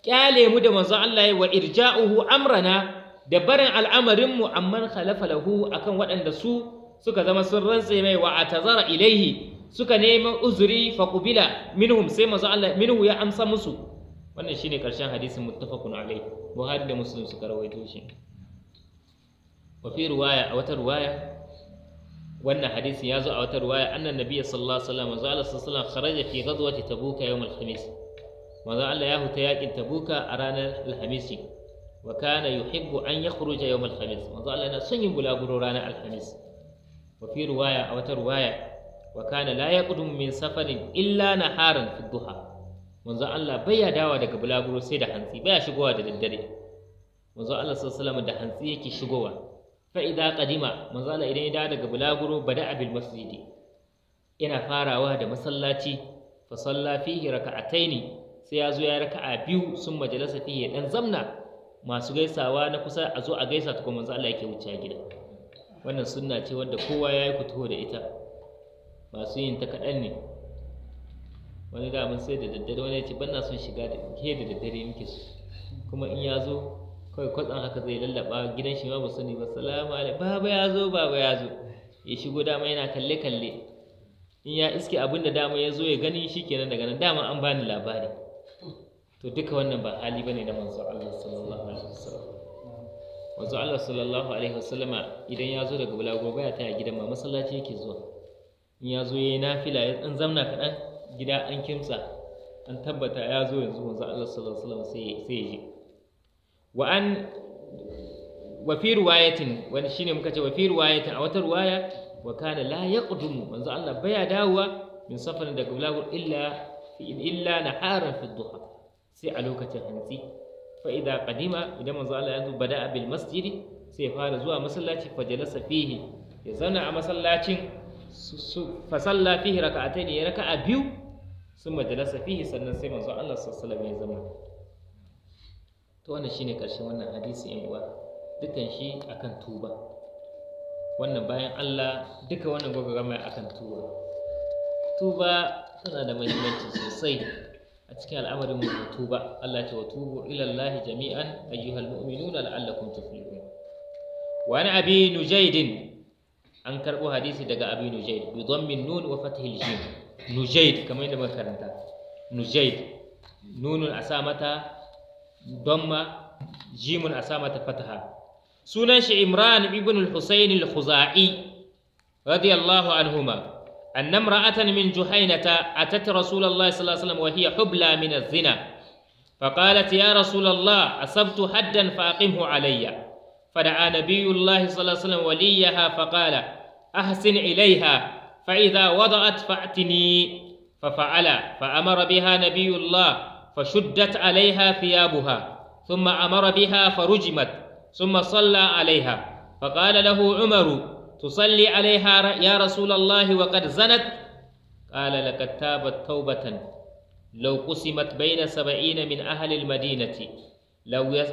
kyale mu da manzo Allah ya wa irja'uhu amrana da barin al'amarin mu amman khalafa lahu akan waɗanda su suka zama sun rantse mai wa atazara ilaihi suka neman uzuri fa qubila minhum sai manzo Allah minhu ya amsa musu wannan shine karshen hadisin muttafaqun alaihi buhari da muslim suka rawaito shi wa wannan hadisin ya zo a wata ruwaya annan nabiyyi sallallahu alaihi wasallam manzo Allah sallallahu alaihi wasallam kharaja fi ghazwati tabuka yawm al-khamis manzo Allah ya huta yakin tabuka a ranar al-khamis wa kana yuhibbu an yakhruja yawm al-khamis son yin bulaguro ranar al-khamis ruwaya a wata ruwaya min safarin illa naharan duha manzo Allah ya dawa daga bulaguro sai da hantsi ya shigowa da daddare manzo Allah sallallahu alaihi wasallam da hantsi yake shigowa fa idza qadima idan ya dawo daga bulaguro bada'a bil masjidi yana farawa da masallaci fa salla fihi raka'ataini sai ya zo ya raka'a biyu sun majalisa fihi dan zamna masu gaisawa na kusa a zo a gaisa ta kuma Allah yake wuce gida wannan sunna ce wadda kowa ya yi kutuho da ita masu yin ta kaɗan ne wani da mun sai da daddare wani ya ce ban na son shiga da ke da daddare muke su kuma in ya zo kawai kwatsan haka zai lallaba gidan shi ma ba sani ba salamu alaikum baba ya zo baba ya zo ya shigo dama yana kalle kalle in ya iske abin da dama ya zo ya gani shi kenan daga nan dama an bani labari to duka wannan ba hali bane na manzo Allah sallallahu alaihi wasallam manzo Allah sallallahu alaihi wasallama idan ya zo daga bulago baya ta gidan ma masallaci yake zuwa in ya zo yayi nafila ya dan zamna kaɗan gida an kimsa an tabbata ya zo yanzu manzo Allah sallallahu alaihi wasallam sai sai ya je wa an wa wani shine muka ce wa fi riwayatin a wata riwaya wa kana la yaqdumu manzo Allah baya dawowa min safarin daga bulagul illa illa naharan fi duha sai a lokacin hantsi fa kadima, qadima idan manzo Allah ya zo bada'a bil masjidi sai ya fara zuwa masallaci fa jalasa fihi ya zauna a masallacin fa salla fihi raka'atayn ya raka'a biyu sun majalasa fihi sannan sai manzo Allah sallallahu alaihi ya zama to wannan shine karshen wannan hadisi yan uwa dukan shi akan tuba wannan bayan Allah duka wannan gwagwarmaya akan tuba tuba tana da muhimmanci sosai a cikin al'amarin mu tuba Allah ce wa tubu ila Allah jami'an ayyuhal mu'minuna la'allakum tuflihun wa an abi nujaidin an karbo hadisi daga abi nujayd bi dhammin nun wa fathil jim nujayd kamar yadda muka karanta nunun a sa mata damma jimun a ta fataha sunan shi imran ibn al-husayn al-khuzai radiyallahu anhuma annam ra'atan min juhainata atat tata sallallahu alaihi wasallam wa hiya hubla min az-zina فقالت يا رسول الله أصبت حدا فأقمه علي فدعا نبي الله صلى الله عليه وسلم وليها فقال أحسن إليها فإذا وضعت فأتني ففعل فأمر بها نبي الله فشدت عليها ثيابها ثم أمر بها فرجمت ثم صلى عليها فقال له عمر تصلي عليها يا رسول الله وقد زنت قال لقد تابت توبة لو قسمت بين سبعين من أهل المدينة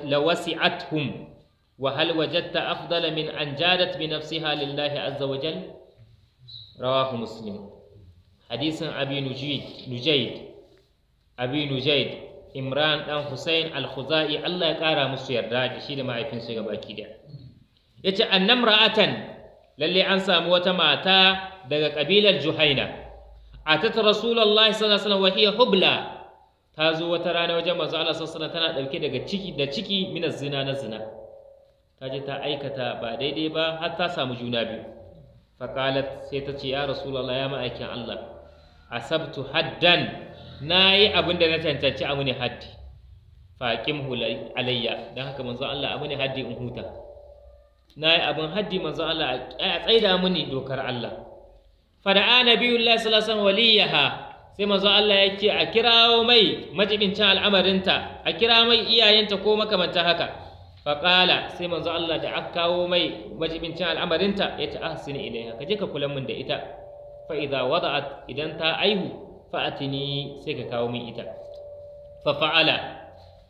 لوسعتهم وهل وجدت أفضل من أن جادت بنفسها لله عز وجل رواه مسلم حديث أبي نجيد, نجيد abi nujaid imran dan husain al-khuzai Allah ya kara musu yarda da shi da mahaifinsu ga baki da yace annam ra'atan lalle an samu wata mata daga kabilar juhaina atat rasulullahi sallallahu alaihi wasallam wa hiya hubla ta zo wata rana wajen manzo Allah sallallahu tana dauke daga ciki da ciki mina zina na zina ta je ta aikata ba daidai ba har ta samu juna biyu Fakalat sai ta ce ya rasulullahi ya ma'aikin Allah asabtu haddan na yi abin da na cancanci a muni haddi faƙim alayya don haka manzo Allah a muni haddi in huta na yi abin haddi manzo Allah a tsaida muni dokar Allah fada'a nabiyullahi sallallahu alaihi wasallam waliyaha sai manzo Allah ya ce a kirawo mai majibincin al'amarinta a kira mai iyayenta ko makamantan haka faƙala sai manzo Allah da aka kawo mai majibincin al'amarinta ya ce ahsini ilaiha ka je ka kula min da ita fa idza idan ta aihu fa'atini sai ka kawo min ita fa'ala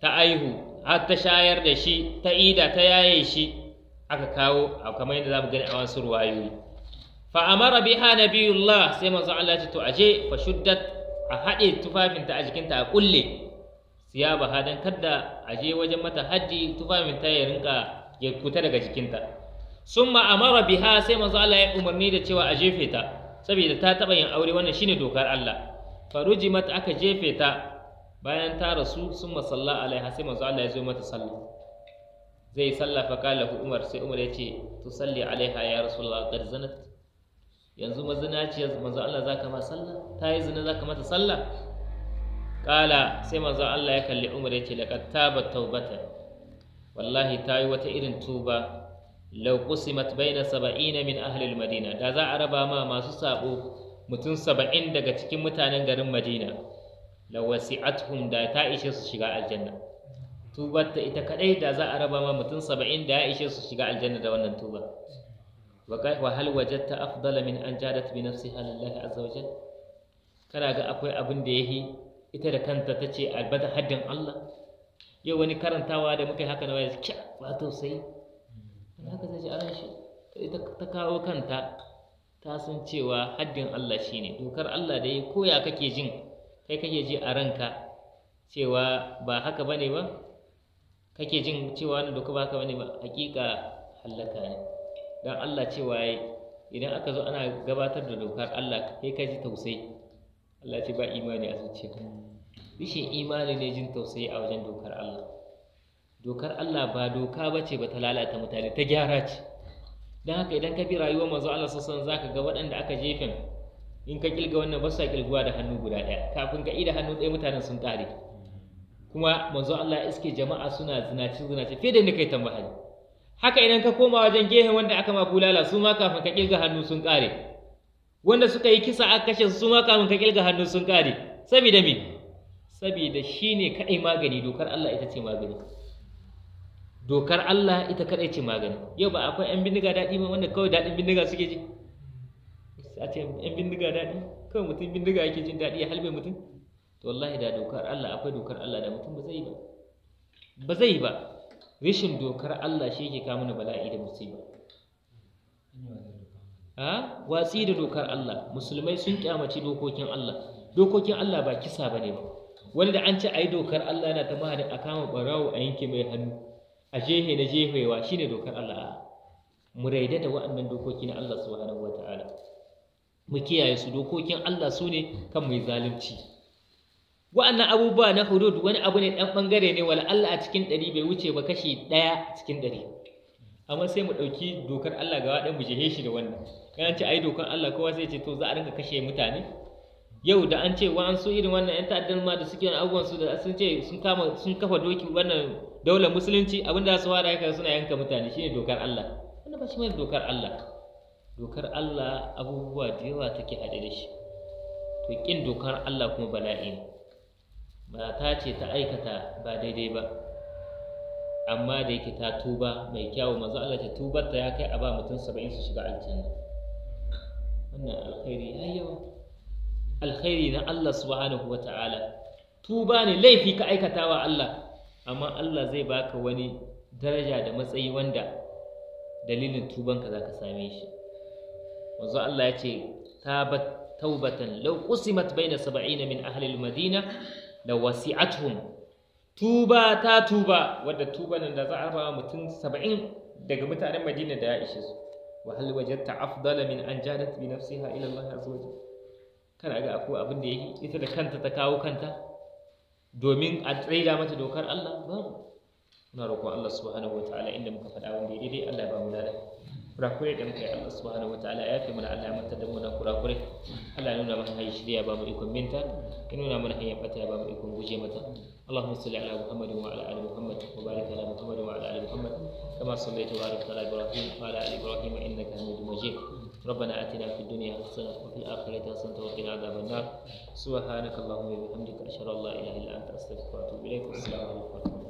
ta aihu har ta shayar da shi ta ida ta yaye shi aka kawo a kamar yadda zamu gani a wasu ruwayoyi fa amara biha nabiyullah sai manzo Allah ya ce to aje fa shuddat a haɗe tufafinta a jikinta a kulle siya ba hadan kadda aje wajen mata haji tufafinta ya rinka ya kuta daga jikinta summa amara biha sai manzo Allah ya umarni da cewa a jefe ta saboda ta taɓa yin aure wannan shine dokar Allah farujimat aka jefe ta bayan ta rasu sun masalla alaiha sai manzo Allah ya zo mata sallah zai sallah fa kala Umar sai Umar ya ce to salli alaiha ya rasulullah qad zanat yanzu ce manzo Allah zaka ma sallah ta yi zina zaka mata sallah kala sai manzo Allah ya kalli Umar ya ce laqad tabat taubata wallahi ta yi wata irin tuba law qusimat baina sab'ina min ahli al-madina da za a raba ma masu sabo mutum saba'in daga cikin mutanen garin madina la wasi'atuhum da ta ishe su shiga aljanna tubar ta ita kadai da za a raba ma mutum saba'in da ya ishe su shiga aljanna da wannan tuba wa hal wajadta afdala min an jadat bi nafsiha lillahi azza wa jalla kana ga akwai abin da yahi ita da kanta ta ce albata haddin Allah yau wani karantawa da muka yi haka na waya kya ba to sai haka zai ji aran shi ita ta kawo kanta ta san cewa haddin Allah shine dokar Allah da ya koya kake jin kai kake ji a ranka cewa ba haka bane ba kake jin cewa wannan doka ba haka bane ba hakika hallaka ne dan Allah cewa idan aka zo ana gabatar da dokar Allah kai ka ji tausayi Allah ce ba imani a zuciya bishin imani ne jin tausayi a wajen dokar Allah dokar Allah ba doka bace ba ta lalata mutane ta gyara ce don haka idan ka bi rayuwa manzo Allah sassan za ka ga waɗanda aka jefin in ka kilga wannan ba sa kilguwa da hannu guda ɗaya kafin ka ida hannu ɗaya mutanen sun ƙare kuma manzo Allah iske jama'a suna zinaci zinaci fiye da ni kai tambahari haka idan ka koma wajen gehen wanda aka ma bulala su ma kafin ka kilga hannu sun ƙare wanda suka yi kisa a kashe su ma kafin ka kilga hannu sun ƙare sabida me sabida shine kaɗai magani dokar Allah ita ce magani dokar Allah ita kadai ce magani yau ba akwai yan bindiga daɗi ba wanda kawai daɗin bindiga suke ji a ce yan bindiga daɗi kawai mutum bindiga yake jin daɗi ya halbe mutum to wallahi da dokar Allah akwai dokar Allah da mutum ba zai ba ba zai ba rashin dokar Allah shi yake kawo mana bala'i da musiba a watsi da dokar Allah musulmai sun kyamaci dokokin Allah dokokin Allah ba kisa bane ba wani da an ce ayi dokar Allah yana ta mahadin a kama barawo a yanke mai hannu a jehe da jehewa ne dokar Allah mu raida da waɗannan dokoki na Allah subhanahu ta'ala. mu kiyaye su dokokin Allah su ne kan mai zalunci wa'annan abubuwa na hudud wani abu ne ɗan ɓangare ne wala Allah a cikin ɗari bai wuce ba kashi ɗaya cikin ɗari amma sai mu ɗauki dokar Allah gawa ɗan mu jehe shi da wannan kana ce ai dokar Allah kowa sai ce to za a ringa kashe mutane yau da an ce wa an so irin wannan 'yan ta'addan ma da suke abubuwan su da sun ce sun kama sun kafa doki wannan daular musulunci abin da su fara yanka suna yanka mutane shine dokar Allah wannan ba shi ne dokar Allah dokar Allah abubuwa da yawa take haɗe da shi to kin dokar Allah kuma bala'i ne mata ce ta aikata ba daidai ba amma da yake ta tuba mai kyawu manzo Allah ta tubar ta ya kai a ba mutum saba'in su shiga aljanna wannan alkhairi ya alkhairi na Allah subhanahu wata'ala ta'ala tuba ne laifi ka aikata wa Allah amma Allah zai baka wani daraja da matsayi wanda dalilin tubanka za ka same shi Wanzu Allah ya ce tabat taubatan law baina saba'ina min ahli madina da wasi'atuhum tuba ta tuba wadda tuba nan da za a rabawa mutum saba'in daga mutanen Madina da ya ishe su wa hal afdala min an jadat bi nafsiha ila Allah azza wajalla kana ga akwai abin da yake ita da kanta ta kawo kanta domin a tsaida mata dokar Allah babu muna roƙon Allah subhanahu wataala inda muka faɗa wanda ya daidai Allah ba mu lada kurakure da muka yi Allah subhanahu wataala ya fi mana Allah mata da muna kurakure Allah ya nuna mana hanyar shirya ba mu ikon minta ya nuna mana hanyar bata ba mu ikon guje mata Allahumma salli ala Muhammadin wa ala ali Muhammad wa barik ala Muhammadin wa ala ali Muhammad kama sallaita wa barakta ala Ibrahim wa ala ربنا آتنا في الدنيا حسنة وفي الآخرة حسنة وقنا عذاب النار سبحانك اللهم وبحمدك أشهد أن لا إله إلا أنت أستغفرك وأتوب إليك والسلام عليكم ورحمة الله